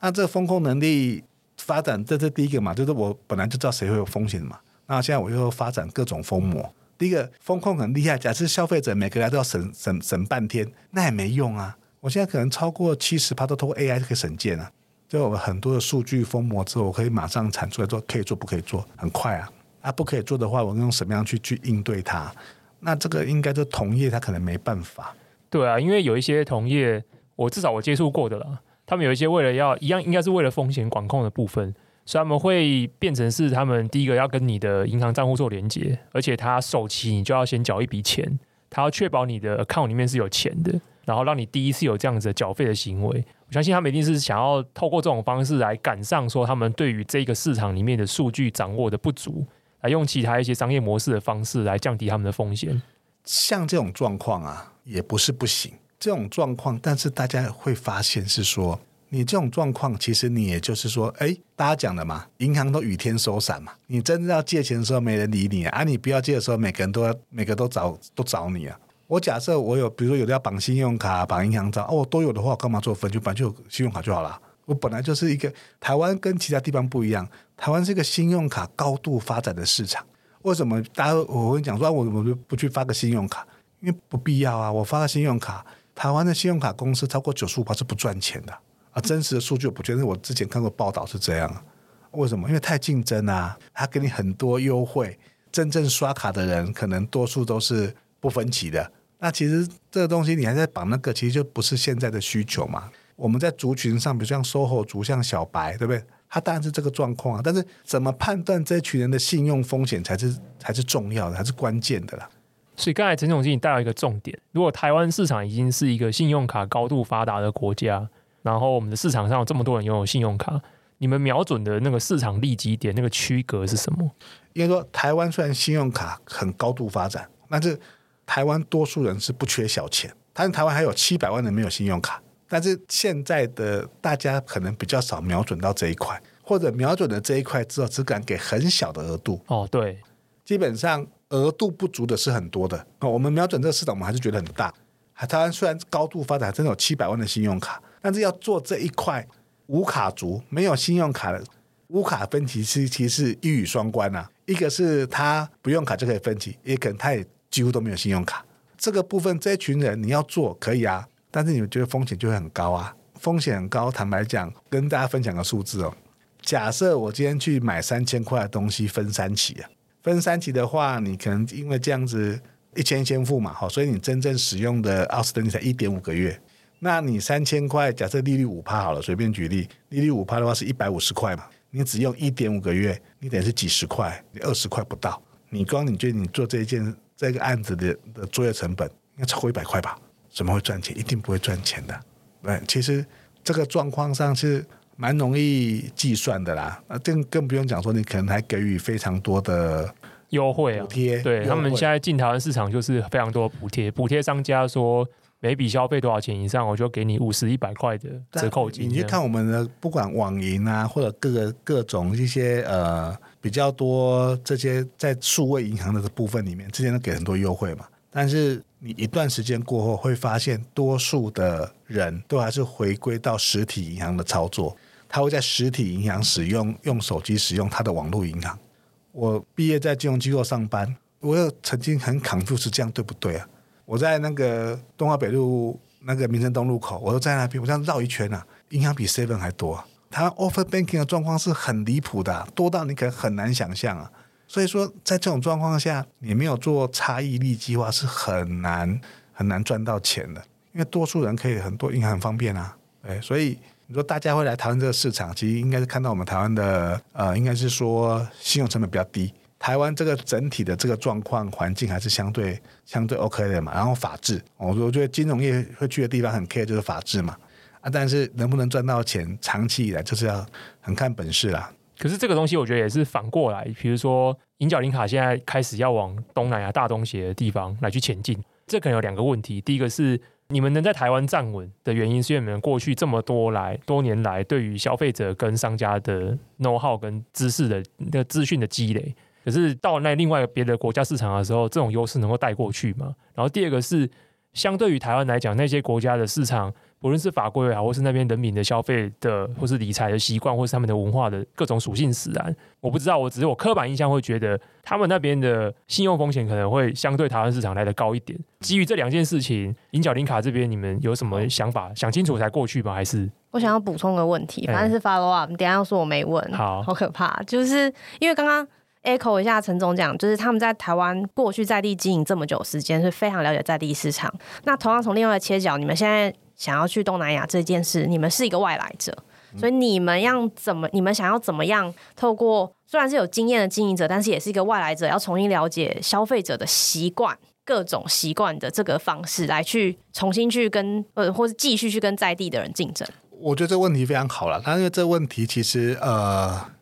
那這個風控能力發展，這是第一個嘛，就是我本來就知道誰會有風險嘛，那現在我又發展各種風模。第一個風控很厲害，假設消費者每個人都要審審審半天，那也沒用啊。我現在可能超過七十趴都透過 AI 可以審件啊。就我很多的數據風模之後，我可以馬上產出來做，可以做、不可以做，很快啊。啊，不可以做的話，我用什麼樣去去應對它？那這個應該就同業他可能沒辦法。
對啊，因為有一些同業。我至少我接觸過的啦，他們有一些為了要一樣，應該是為了風險管控的部分，所以他們會變成是他們第一個要跟你的銀行賬戶做連接，而且他首期你就要先繳一筆錢，他要確保你的 account 裡面是有錢的，然後讓你第一次有這樣子的繳費的行為。我相信他們一定是想要透過這種方式來趕上說他們對於這個市場裡面的數據掌握的不足，來用其他一些商業模式的方式來降低他們的風險。
像這種狀況啊，也不是不行。這種狀況，但是大家會發現是說，你這種狀況，其實你也就是說，哎，大家講的嘛，銀行都雨天收傘嘛，你真的要借錢的時候沒人理你啊，啊你不要借的時候，每個人都要每個都找都找你啊。我假設我有，比如說有的要綁信用卡、啊、綁銀行賬，哦，我都有的話，我幹嘛做分期？本來就有信用卡就好了，啊。我本來就是一個台灣跟其他地方不一樣，台灣是一個信用卡高度發展的市場。為什麼大家我會講說，我我就不去發個信用卡？因為不必要啊，我發個信用卡。台灣的信用卡公司超過95%是不賺錢的啊！真實的數據我不確定，我覺得我之前看過報道是這樣。為什麼？因為太競爭啊，他給你很多優惠，真正刷卡的人可能多數都是不分期的。那其實這個東西你還在綁那個，其實就不是現在的需求嘛。我們在族群上，比如像 SOHO 族、像小白，對不對？他當然是這個狀況啊。但是怎麼判斷這群人的信用風險才是才是重要的，還是關鍵的
啦？所以剛才陳總經理帶了一個重點，如果台灣市場已經是一個信用卡高度發達的國家，然後我們的市場上有這麼多人擁有信用卡，你們瞄準的那個市場利基點、那個區隔是什麼？應
該說，台灣雖然信用卡很高度發展，但是台灣多數人是不缺小錢，但是台灣還有七百萬人沒有信用卡，但是現在的大家可能比較少瞄準到這一塊，或者瞄準了這一塊之後，只敢給很小的額度。哦，對，基本上。額度不足的是很多的，哦，我們瞄準這個市場，我們還是覺得很大。還台灣雖然高度發展，還真的有七百萬的信用卡，但是要做這一塊無卡族、沒有信用卡的無卡分期，其實是一語雙關啊。一個是他不用卡就可以分期，也可能他也幾乎都沒有信用卡。這個部分這一群人你要做可以啊，但是你們覺得風險就會很高啊。風險很高，坦白講，跟大家分享個數字哦。假設我今天去買三千塊的東西，分三期啊。分三期的話，你可能因為這樣子一千先付嘛，好，所以你真正使用的 outstanding 才一點五個月。那你三千塊，假設利率五趴好了，隨便舉例，利率五趴的話是一百五十塊嘛，你只用一點五個月，你等於是幾十塊，你二十塊不到。你光你覺得你做這件這個案子的的作業成本，應該超過一百塊吧？怎麼會賺錢？一定不會賺錢的。對，其實這個狀況上是。蠻容易計算的啦，啊，更更不用講說，你可能還給予非常多的
優惠補貼，啊、對，他們現在進台灣市場就是非常多補貼，補貼商家說，每筆消費多少錢以上，我就給你五十一百塊的折扣金。你去看我
們的不管網銀啊，或者各個各種一些呃比較多這些在數位銀行的部分裡面，之前都給很多優惠嘛，但是你一段時間過後會發現，多數的人都還是回歸到實體銀行的操作。他會在實體銀行使用，用手機使用他的網絡銀行。我畢業在金融機構上班，我又曾經很抗拒，是這樣對不對啊？我在那個敦化北路那個民生東路口，我都在那邊，我這樣繞一圈啊，銀行比 seven 還多啊。他 over banking 的狀況是很離譜的啊，多到你可能很難想象。啊，所以說，在這種狀況下，你沒有做差異利計劃是很難很難賺到錢的，因為多數人可以很多銀行很方便啊，哎，所以。如果大家會來台灣這個市場，其實應該是看到我們台灣的呃，應該是說信用成本比較低，台灣這個整體的這個狀況環境還是相對相對 OK 的嘛。然後法治，我、哦、說我覺得金融業會去的地方很 care 就是法治嘛啊，但是能不能賺到錢，長期以來就是要很看本事啦。
可是這個東西我覺得也是反過來，比如說銀角零卡現在開始要往東南亞大東協的地方來去前進，這可能有兩個問題，第一個是。你們能在台灣站穩的原因，是因為你們過去這麼多來、多年來對於消費者跟商家的 know-how 跟知識的那個資訊的積累。可是到那另外別的國家市場的時候，這種優勢能夠帶過去嗎？然後第二個是，相對於台灣來講，那些國家的市場。不論是法規也好，或是那邊人民的消費的，或是理財的習慣，或是他們的文化的各種屬性使然，我不知道，我只是我刻板印象會覺得他們那邊的信用風險可能會相對台灣市場來的高一點。基於這兩件事情，銀角林卡這邊你們有什麼想法？想清楚才過去嗎？還是
我想要補充個問題，反正是 follow up、嗯。你等一下要說我沒問，好，好可怕，就是因為剛剛 echo 一下陳總講，就是他們在台灣過去在地經營這麼久時間，是非常了解在地市場。那同樣從另外的切角，你們現在。想要去東南亞這件事，你們是一個外來者，嗯、所以你們要怎麼？你們想要怎麼樣？透過雖然是有經驗的經營者，但是也是一個外來者，要重新了解消費者的習慣、各種習慣的這個方式，來去重新去跟呃，或是繼續去跟在地的人競爭。
我覺得這問題非常好了，但是這問題其實呃。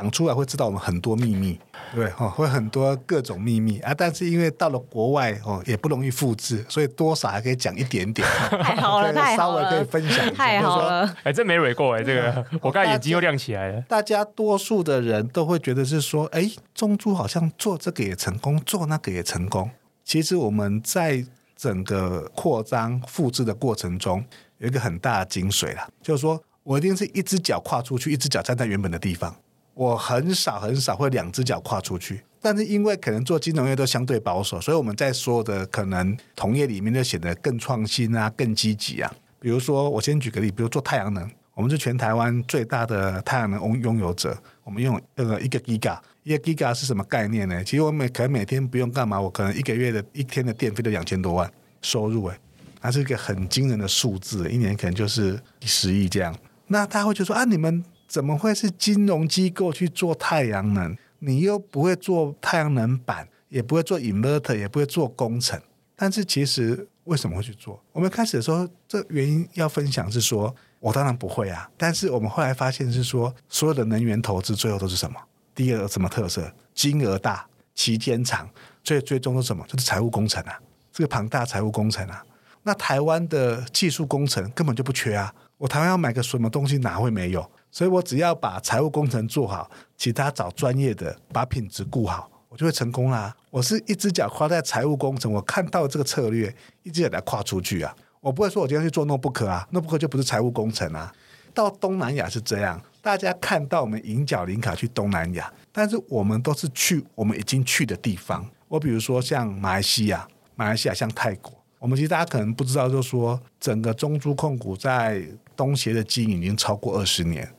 講出來會知道我們很多秘密，對哦，會很多各種秘密啊！但是因為到了國外哦，也不容易複制，所以多少還可以講一點點。太好了，稍微可以分
享一下。太好了！哎，真、欸、沒尾過哎、欸，這個、嗯、我剛才眼睛又亮起來了
大。大家多數的人都會覺得是說，哎，中珠好像做這個也成功，做那個也成功。其實我們在整個擴張複制的過程中，有一個很大的精髓啦，就是說我一定是一只腳跨出去，一只腳站在原本的地方。我很少很少會兩只腳跨出去，但是因為可能做金融業都相對保守，所以我們在說的可能同業裡面就顯得更創新啊、更積極啊。比如說，我先舉個例，比如做太陽能，我們是全台灣最大的太陽能擁擁有者，我們用那個一個 Giga，一個 Giga 是什麼概念呢？其實我每可能每天不用幹嘛，我可能一個月的一天的電費都兩千多萬收入誒、欸，它是一個很驚人的數字，一年可能就是十億這樣。那大家會覺得說啊，你們。怎麼會是金融機構去做太陽能？你又不會做太陽能板，也不會做 inverter，也不會做工程。但是其實為什麼會去做？我們開始的時候，這原因要分享是說，我當然不會啊。但是我們後來發現是說，所有的能源投資最後都是什麼？第二個什麼特色？金額大，期間長，最最終是什麼？就是財務工程啊，這個龐大財務工程啊。那台灣的技術工程根本就不缺啊。我台灣要買個什麼東西，哪會沒有？所以我只要把財務工程做好，其他找專業的把品質顧好，我就會成功啦、啊。我是一只腳跨在財務工程，我看到了這個策略，一只腳來跨出去啊。我不會說我今天去做 notebook 啊，notebook 就不是財務工程啊。到東南亞是這樣，大家看到我們銀角零卡去東南亞，但是我們都是去我們已經去的地方。我比如說像馬來西亞，馬來西亞像泰國，我們其實大家可能不知道就是，就說整個中租控股在東協的經營已經超過二十年。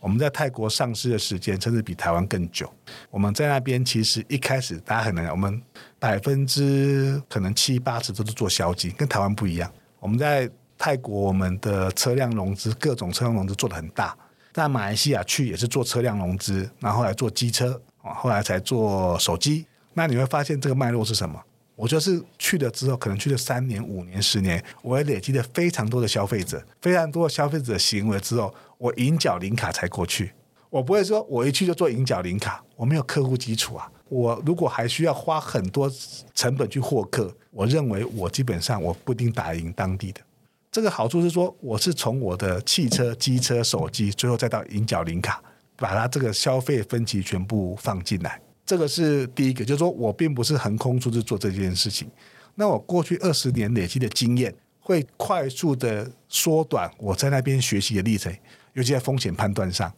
我們在泰國上市的時間甚至比台灣更久。我們在那邊其實一開始大家很難，我們百分之可能七八十都是做消金，跟台灣不一樣。我們在泰國，我們的車輛融資、各種車輛融資做的很大，在馬來西亞去也是做車輛融資，然後，後來做機車、啊，後來才做手機。那你會發現這個脈絡是什麼？我就是去了之後，可能去了三年、五年、十年，我也累積了非常多的消費者，非常多的消費者的行為之後，我銀角零卡才過去。我不會說我一去就做銀角零卡，我沒有客戶基礎啊。我如果還需要花很多成本去獲客，我認為我基本上我不一定打贏當地的。這個好處是說，我是從我的汽車、機車、手機，最後再到銀角零卡，把它這個消費分級全部放進來。這個是第一個，就是說我並不是橫空出世做這件事情。那我過去二十年累積的經驗，會快速的縮短我在那邊學習的歷程，尤其在風險判斷上。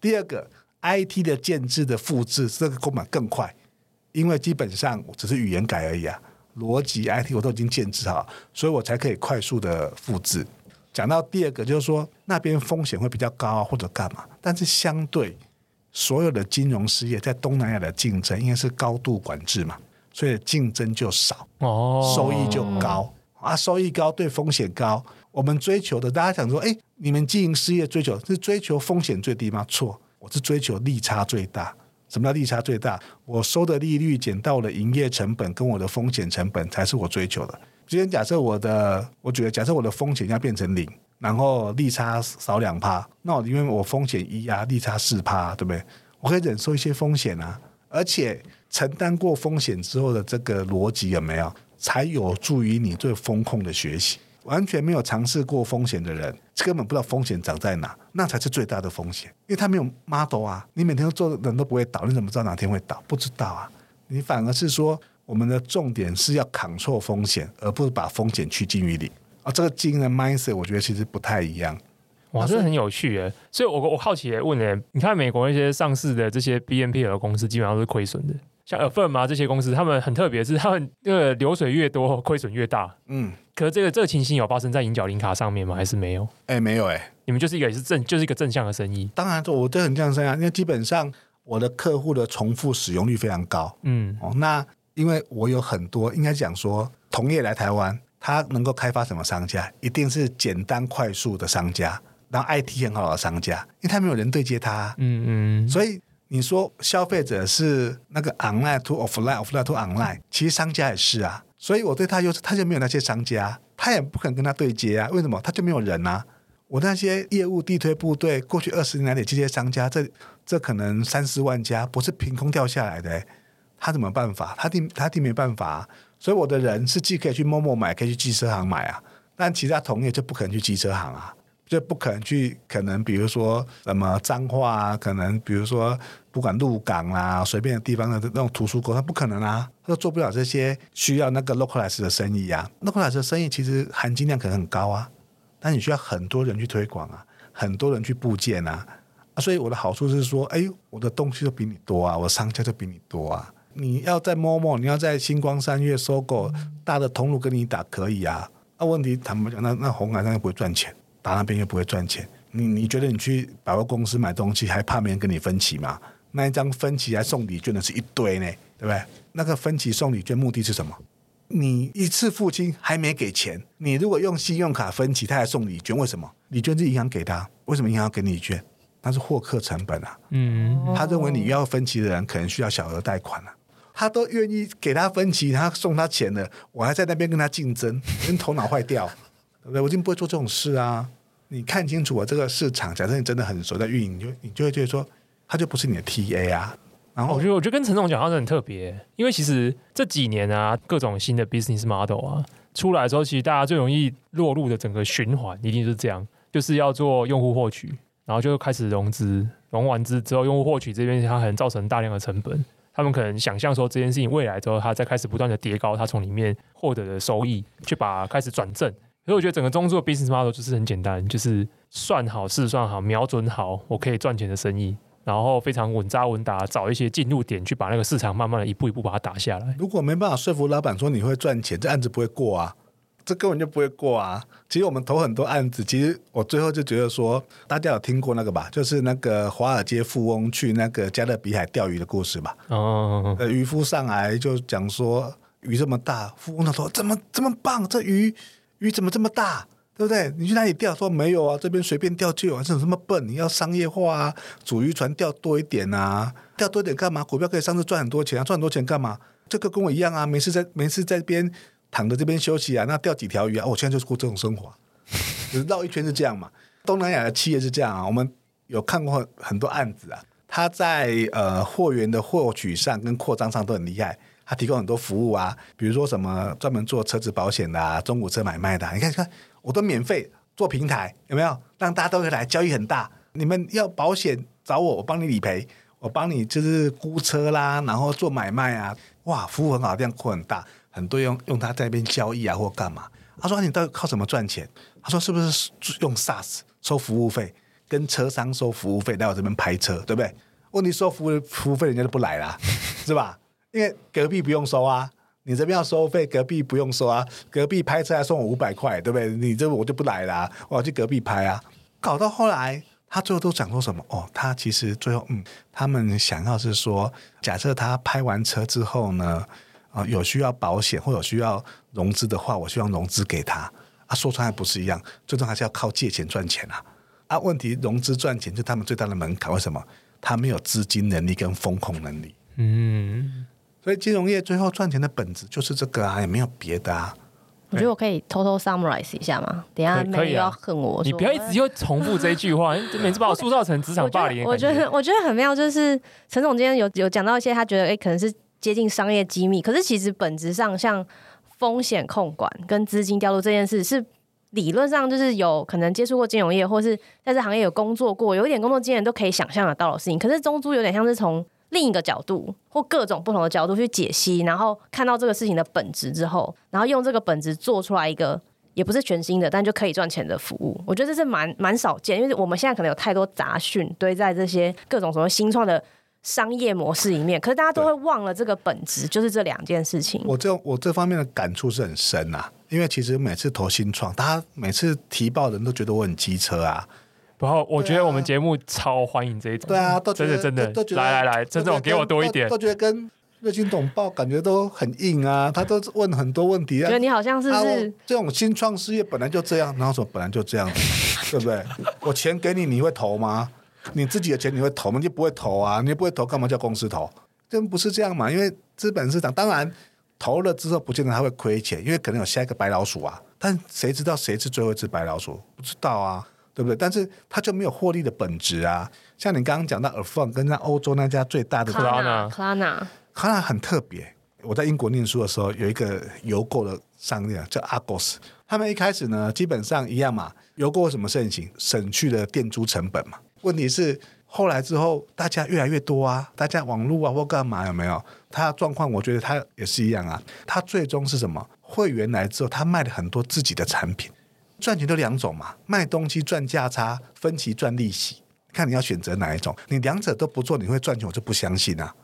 第二個，IT 的建置的複製，這個功能更快，因為基本上只是語言改而已啊，邏輯 IT 我都已經建置好，所以我才可以快速的複製。講到第二個，就是說那邊風險會比較高啊，或者幹嘛，但是相對。所有的金融事業在東南亞的競爭，應該是高度管制嘛，所以競爭就少，收、哦、益就高啊，收益高對風險高，我們追求的，大家想說，哎，你們經營事業追求是追求風險最低嗎？錯，我是追求利差最大。什麼叫利差最大？我收的利率減到了營業成本跟我的風險成本才是我追求的。今天假設我的，我覺得假設我的風險要變成零。然後利差少兩趴，那我因為我風險一壓、啊，利差四趴、啊，對不對？我可以忍受一些風險啊，而且承擔過風險之後的這個邏輯有沒有，才有助於你對風控的學習。完全沒有嘗試過風險的人，根本不知道風險長在哪，那才是最大的風險，因為他沒有 model 啊。你每天都做的人都不會倒，你怎麼知道哪天會倒？不知道啊。你反而是說，我們的重點是要 control 風險，而不是把風險趨近於零。啊、這個經營 mindset 我覺得其實不太
一樣，哇，這很有趣耶！所以，啊、所以所以我我好奇問你，你看美國那些上市的這些 BNPL 公司，基本上都是虧損的，像、Affirm 啊這些公司，他們很特別是，是他們因為流水越多，虧損越大。嗯，可是這個這個、情形有發生在銀角零卡上面嗎？還是沒有？哎、欸，沒有哎、欸，你們就是一個也、就是個正，就是一個正向的生意。
當然，我都很正向，生意。因為基本上我的客戶的重複使用率非常高。嗯，哦，那因為我有很多，應該講說同業來台灣。他能夠開發什麼商家？一定是簡單快速的商家，然後 IT 很好的商家，因為他沒有人對接他，嗯，嗯嗯，所以你說消費者是那個 online to offline，offline to online，其實商家也是啊。所以我對他優勢，他就沒有那些商家，他也不可能跟他對接啊。為什麼？他就沒有人啊。我那些業務地推部隊過去二十年來的這些商家，這這可能三十萬家不是憑空掉下來的，欸，他怎麼辦法？他地他地沒辦法，啊。所以我的人是既可以去 MOMO 買，可以去機車行買啊，但其他同業就不可能去機車行啊，就不可能去，可能比如說什麼彰化啊，可能比如說不管鹿港啊，隨便的地方的那種圖書館，他不可能啊，他做不了這些需要那個 localize 的生意啊，localize 的生意其實含金量可能很高啊，但你需要很多人去推廣啊，很多人去佈建啊，啊所以我的好處是說，哎呦，我的東西都比你多啊，我的商家就比你多啊。你要在摸摸，你要在星光三月收購大的通路跟你打可以啊，那、啊、問題坦白講，那那紅海上又不會賺錢，打那邊又不會賺錢。你你覺得你去百貨公司買東西還怕沒人跟你分期嗎？那一張分期還送禮券的是一堆呢，對不對？那個分期送禮券目的是什麼？你一次付清還沒給錢，你如果用信用卡分期他還送禮券，為什麼？禮券是銀行給他，為什麼銀行要給你券？那是獲客成本啊。嗯，他認為你要分期的人可能需要小額貸款啊。他都願意給他分期，他送他錢了。我還在那邊跟他競爭，跟 頭腦壞掉，我已經不會做這種事啊！你看清楚我這個市場，假設你真的很熟，在運營，就你就會覺得說，他就不是你的 TA
啊。然後我覺得，我覺得跟陳總講話很特別，欸，因為其實這幾年啊，各種新的 business model 啊出來的時候，其實大家最容易落入的整個循環，一定就是這樣，就是要做用戶獲取，然後就開始融資，融完資之，之後，用戶獲取這邊它很造成大量的成本。他們可能想象說這件事情未來之後，它再開始不斷的疊高，它從裡面獲得的收益，去把開始轉正。所以我覺得整個中資的 business model 就是很簡單，就是算好、試算好、瞄準好，我可以賺錢的生意，然後非常穩紮穩打，找一些進入點去把那個市場慢慢的一步一步把它打下來。
如果沒辦法說服老板說你會賺錢，這案子不會過啊。這根本就不會過啊！其實我們投很多案子，其實我最後就覺得說，大家有聽過那個吧？就是那個華爾街富翁去那個加勒比海釣魚的故事吧？哦、oh, oh, oh, oh. 呃，漁夫上來就講說魚這麼大，富翁他說怎麼這麼棒？這魚魚怎麼這麼大？對不對？你去哪裡釣？說沒有啊，這邊隨便釣就有。你怎麼這麼笨？你要商業化啊，租漁船釣多一點啊，釣多一點幹嘛？股票可以上市賺很多錢啊，賺很多錢幹嘛？這個跟我一樣啊，沒事在沒事在邊。躺在這邊休息啊，那釣幾條魚啊？我、哦、現在就是過這種生活， 就是繞一圈是這樣嘛？東南亞的企業是這樣啊？我們有看過很多案子啊，他在呃貨源的獲取上跟擴張上都很厲害，他提供很多服務啊，比如說什麼專門做車子保險的啊，中古車買賣的啊，你看你看，我都免費做平台，有沒有？讓大家都可以來交易，很大。你們要保險找我，我幫你理賠，我幫你就是估車啦，然後做買賣啊，哇，服務很好，這樣庫很大。很多用用他在那邊交易啊，或幹嘛？他說：“你到底靠什麼賺錢？”他說：“是不是用 SaaS 收服務費，跟車商收服務費在我這邊拍車，對不對？”問題收服務服務費，人家就不來啦， 是吧？因為隔壁不用收啊，你這邊要收費，隔壁不用收啊。隔壁拍車還送我五百塊，對不對？你這我就不來了，啊，我要去隔壁拍啊。搞到後來，他最後都講說什麼？哦，他其實最後嗯，他們想要是說，假設他拍完車之後呢？有需要保險或有需要融資的話，我希望融資給他。他、啊、說出來不是一樣，最終還是要靠借錢賺錢啊！啊，問題是融資賺錢是他們最大的門檻，為什麼？他沒有資金能力跟風控能力。嗯，所以金融業最後賺錢的本質就是這個啊，也沒
有別的啊。
我覺得我可以偷偷 summarize 一下嗎？等下可以要恨我、啊，你不要
一直又重複這一句話， 每次把我塑造成職場霸凌。我覺得
我覺得很妙，就是陳總今天有有講到一些他覺得哎、欸，可能是。接近商業機密，可是其實本質上像風險控管跟資金調度這件事，是理論上就是有可能接觸過金融業，或是在這行業有工作過，有一點工作經驗都可以想象得到的事情。可是中租有點像是從另一個角度或各種不同的角度去解析，然後看到這個事情的本質之後，然後用這個本質做出來一個也不是全新的，但就可以賺錢的服務。我覺得這是蠻蠻少見，因為我們現在可能有太多雜訊堆在這些各種什麼新創的。商業模式裡面，可是大家都會忘了這個本質，對就是這兩件事情。我
這我這方面的感觸是很深啊，因為其實每次投新創，大家每次提報的人都覺得我很機
車啊。然後我覺得我們節目超歡迎這一種，對啊，真的真的，都覺得來來來，這種給我多一點，都覺
得跟瑞興董報感覺都很硬啊。他都是問很多問題、啊，覺得你好像是不是、啊、這種新創事業本來就這樣，然後說本來就這樣、啊， 對不對？我錢給你，你會投嗎？你自己的錢，你會投嗎？你就不會投啊！你不會投，幹嘛叫公司投？真不是這樣嘛！因為資本市場當然投了之後，不見得他會虧錢，因為可能有下一個白老鼠啊。但誰知道誰是最後一隻白老鼠？不知道啊，對不對？但是它就沒有獲利的本質啊。像你剛剛講到、a，Affirm 跟那歐洲那家最大的
，Klarna，Klarna，Klarna
Cl Cl 很特別。我在英國念書的時候，有一個郵購的商店叫 Argos 他們一開始呢，基本上一樣嘛，郵購什麼盛行，省去了店租成本嘛。問題是後來之後，大家越來越多啊，大家網絡啊或幹嘛有沒有？他狀況我覺得他也是一樣啊。他最終是什麼？會員來之後，他賣了很多自己的產品，賺錢都兩種嘛，賣東西賺價差，分期賺利息。看你要選擇哪一種，你兩者都不做，你會賺錢我就不相信啊。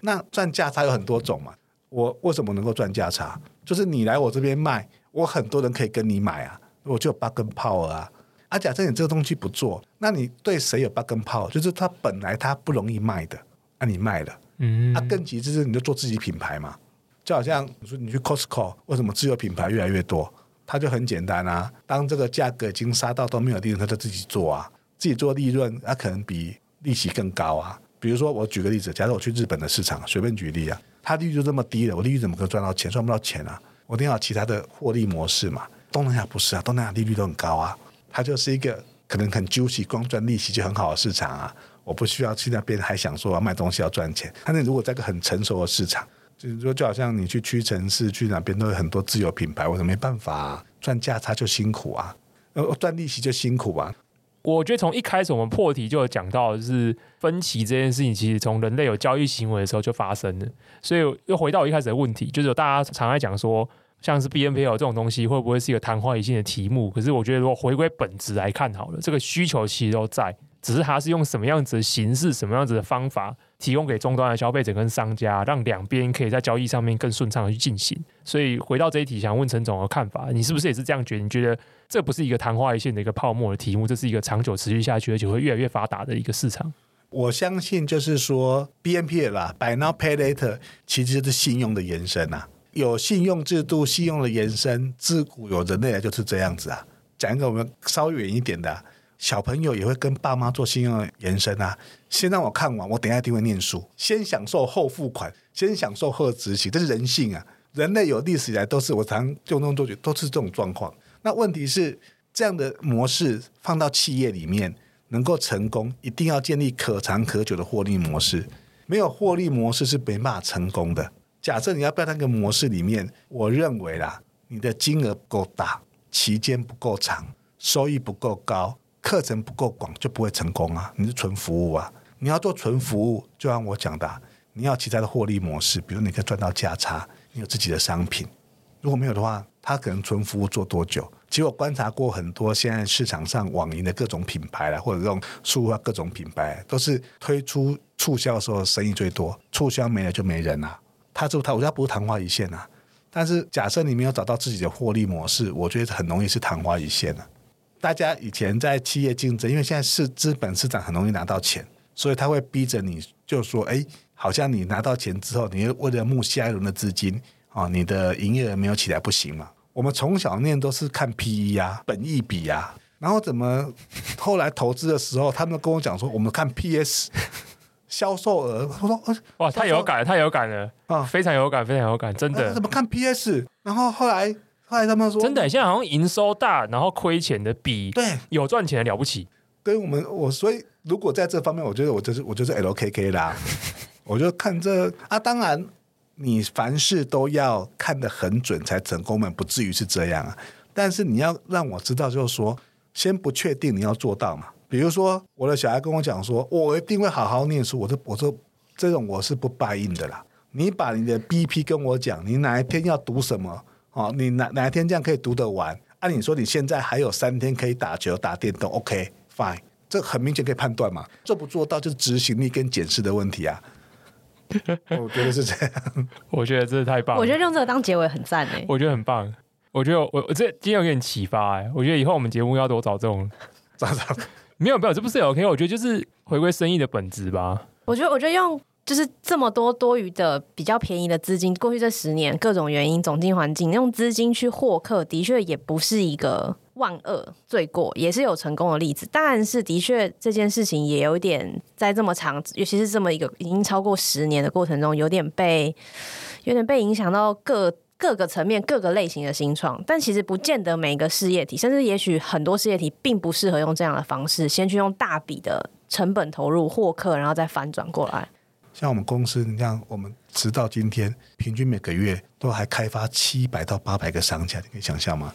那賺價差有很多種嘛，我為什麼能夠賺價差？就是你來我這邊賣，我很多人可以跟你買啊，我就有 bargaining power 啊。他、啊、假設你這個東西不做，那你對誰有 bargaining power？就是他本來他不容易賣的，那、啊、你賣了，嗯，那、啊、更極致是你就做自己品牌嘛。就好像你說你去 Costco，為什麼自有品牌越來越多？他就很簡單啊，當這個價格已經殺到都沒有利潤，他就自己做啊，自己做利潤，那可能比利息更高啊。比如說我舉個例子，假如我去日本的市場，隨便舉例啊，他利率就這麼低了，我利率怎麼可以賺到錢？賺不到錢啊，我一定要其他的獲利模式嘛。東南亞不是啊，東南亞利率都很高啊。它就是一個可能很 juicy、光賺利息就很好的市場啊！我不需要去那邊，還想說、啊、賣東西要賺錢。但是如果在個很成熟的市場，就是說，就好像你去屈臣氏去哪邊都有很多自有品牌，我說沒辦法啊，賺價差就辛苦啊，呃，賺利息就辛苦啊。
我覺得從一開始我們破題就有講到，是分歧這件事情，其實從人類有交易行為的時候就發生了。所以又回到我一開始的問題，就是有大家常在講說，像是 B N P L 這種東西會不會是一個曇花一現的題目？可是我覺得，如果回歸本質來看好了，這個需求其實都在，只是它是用什麼樣子的形式、什麼樣子的方法提供給終端的消費者跟商家，讓兩邊可以在交易上面更順暢的去進行。所以回到這一題，想問陳總的看法，你是不是也是這樣覺得？你覺得這不是一個曇花一現的一個泡沫的題目，這是一個長久持續下去，而且會越來越發達的一個市場。
我相信就是說 B N P L，buy now pay later 其實是信用的延伸吶、啊。有信用制度，信用的延伸，自古有人類來就是這樣子啊。講一個我們稍微遠一點的、啊，小朋友也會跟爸媽做信用的延伸啊。先讓我看完，我等一下一定會念書。先享受後付款，先享受後執行，這是人性啊。人類有歷史以來都是，我常用東做久都是這種狀況。那問題是這樣的模式放到企業裡面能夠成功，一定要建立可長可久的獲利模式。沒有獲利模式是沒辦法成功的。假設你要辦那個模式裡面，我認為啦，你的金額不夠大，期間不夠長，收益不夠高，課程不夠廣，就不會成功啊！你是純服務啊，你要做純服務，就按我講的，你要其他的獲利模式，比如你可以賺到價差，你有自己的商品，如果沒有的話，他可能純服務做多久？其實我觀察過很多現在市場上網銀的各種品牌了，或者這種輸入各種品牌，都是推出促銷的時候的生意最多，促銷沒了就沒人了啊。他說他我家不是曇花一現啊。但是假設你沒有找到自己的獲利模式，我覺得很容易是曇花一現啊。大家以前在企業競爭，因為現在是資本市場很容易拿到錢，所以他會逼着你，就說：哎、欸，好像你拿到錢之後，你為了募下一輪的資金啊、哦，你的營業額沒有起來不行嘛。我們從小念都是看 P E 呀、啊、本益比呀、啊，然後怎麼後來投資的時候，他們跟我講說，我們看 P S。銷售額，我說，
啊、哇，太有感了，太有感了啊，非常有感，非常有感，真的、啊。怎麼看 PS？然
後後來，後來他們說，真的，
現在好像營收大，然後虧錢的比對有賺錢的了不起。對，跟我們我所以如
果在這方面，我覺得我就是我就是 LKK 啦。 我就看這啊，當然你凡事都要看得很準才成功嘛，不至於是這樣啊。但是你要讓我知道，就是說，先不確定你要做到嘛。比如說，我的小孩跟我講說，我一定會好好念書。我說我說，這種我是不答應的啦。你把你的 BP 跟我講，你哪一天要讀什麼？哦，你哪哪一天這樣可以讀得完？啊，按理說，你現在還有三天可以打球、打電動。OK，fine、okay。這很明顯可以判斷嘛？做不做到就是執行力跟堅持的問題啊。
我覺得是這樣。我覺得真的太棒了。我覺
得用這個當結尾很讚哎。
我覺得很棒。我覺得我我這今天有點啟發哎。我覺得以後我們節目要多找這種找找。 沒有沒有，這不是有 OK？我覺得就是回歸生意的本質吧。
我覺得，我覺得用就是這麼多多餘的、比較便宜的資金，過去這十年各種原因、總經環境，用資金去獲客，的確也不是一個萬惡罪過，也是有成功的例子。但是，的確這件事情也有一點，在這麼長，尤其是這麼一個已經超過十年的過程中，有點被有點被影響到各。各個層面、各個類型的新創，但其實不見得每一個事業體，甚至也許很多事業體並不適合用這樣的方式，先去用大筆的成本投入獲客，然後再反轉過來。
像我們公司，你像我們直到今天，平均每個月都還開發七百到八百個商家，你可以想象嗎？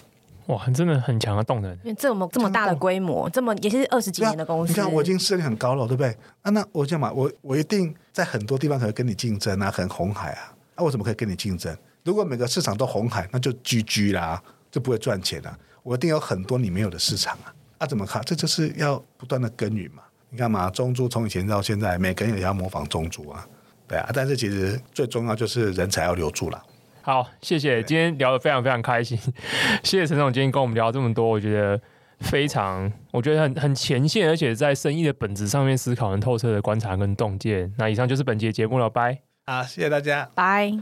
哇，真的很強的動能，因
為這麼這麼大的規模，這麼也是二十幾年的公司。你看，我已
經市盈很高了，對不對？啊、那我這樣嘛，我我一定在很多地方可以跟你競爭啊很紅海啊，那、啊、我怎麼可以跟你競爭？如果每個市場都紅海，那就 GG 啦，就不會賺錢啦。我一定有很多你沒有的市場啊！那、啊、怎麼看？這就是要不斷的耕耘嘛。你看嘛，中租從以前到現在，每個人也要模仿中租啊，對啊。但是其實最重要就是人才要留住了。
好，謝謝，對今天聊得非常非常開心，謝謝陳總今天跟我們聊這麼多，我覺得非常，我覺得很很前線，而且在生意的本質上面思考很透徹的觀察跟洞見。那以上就是本集節目了，拜。
好，
謝謝大家，拜。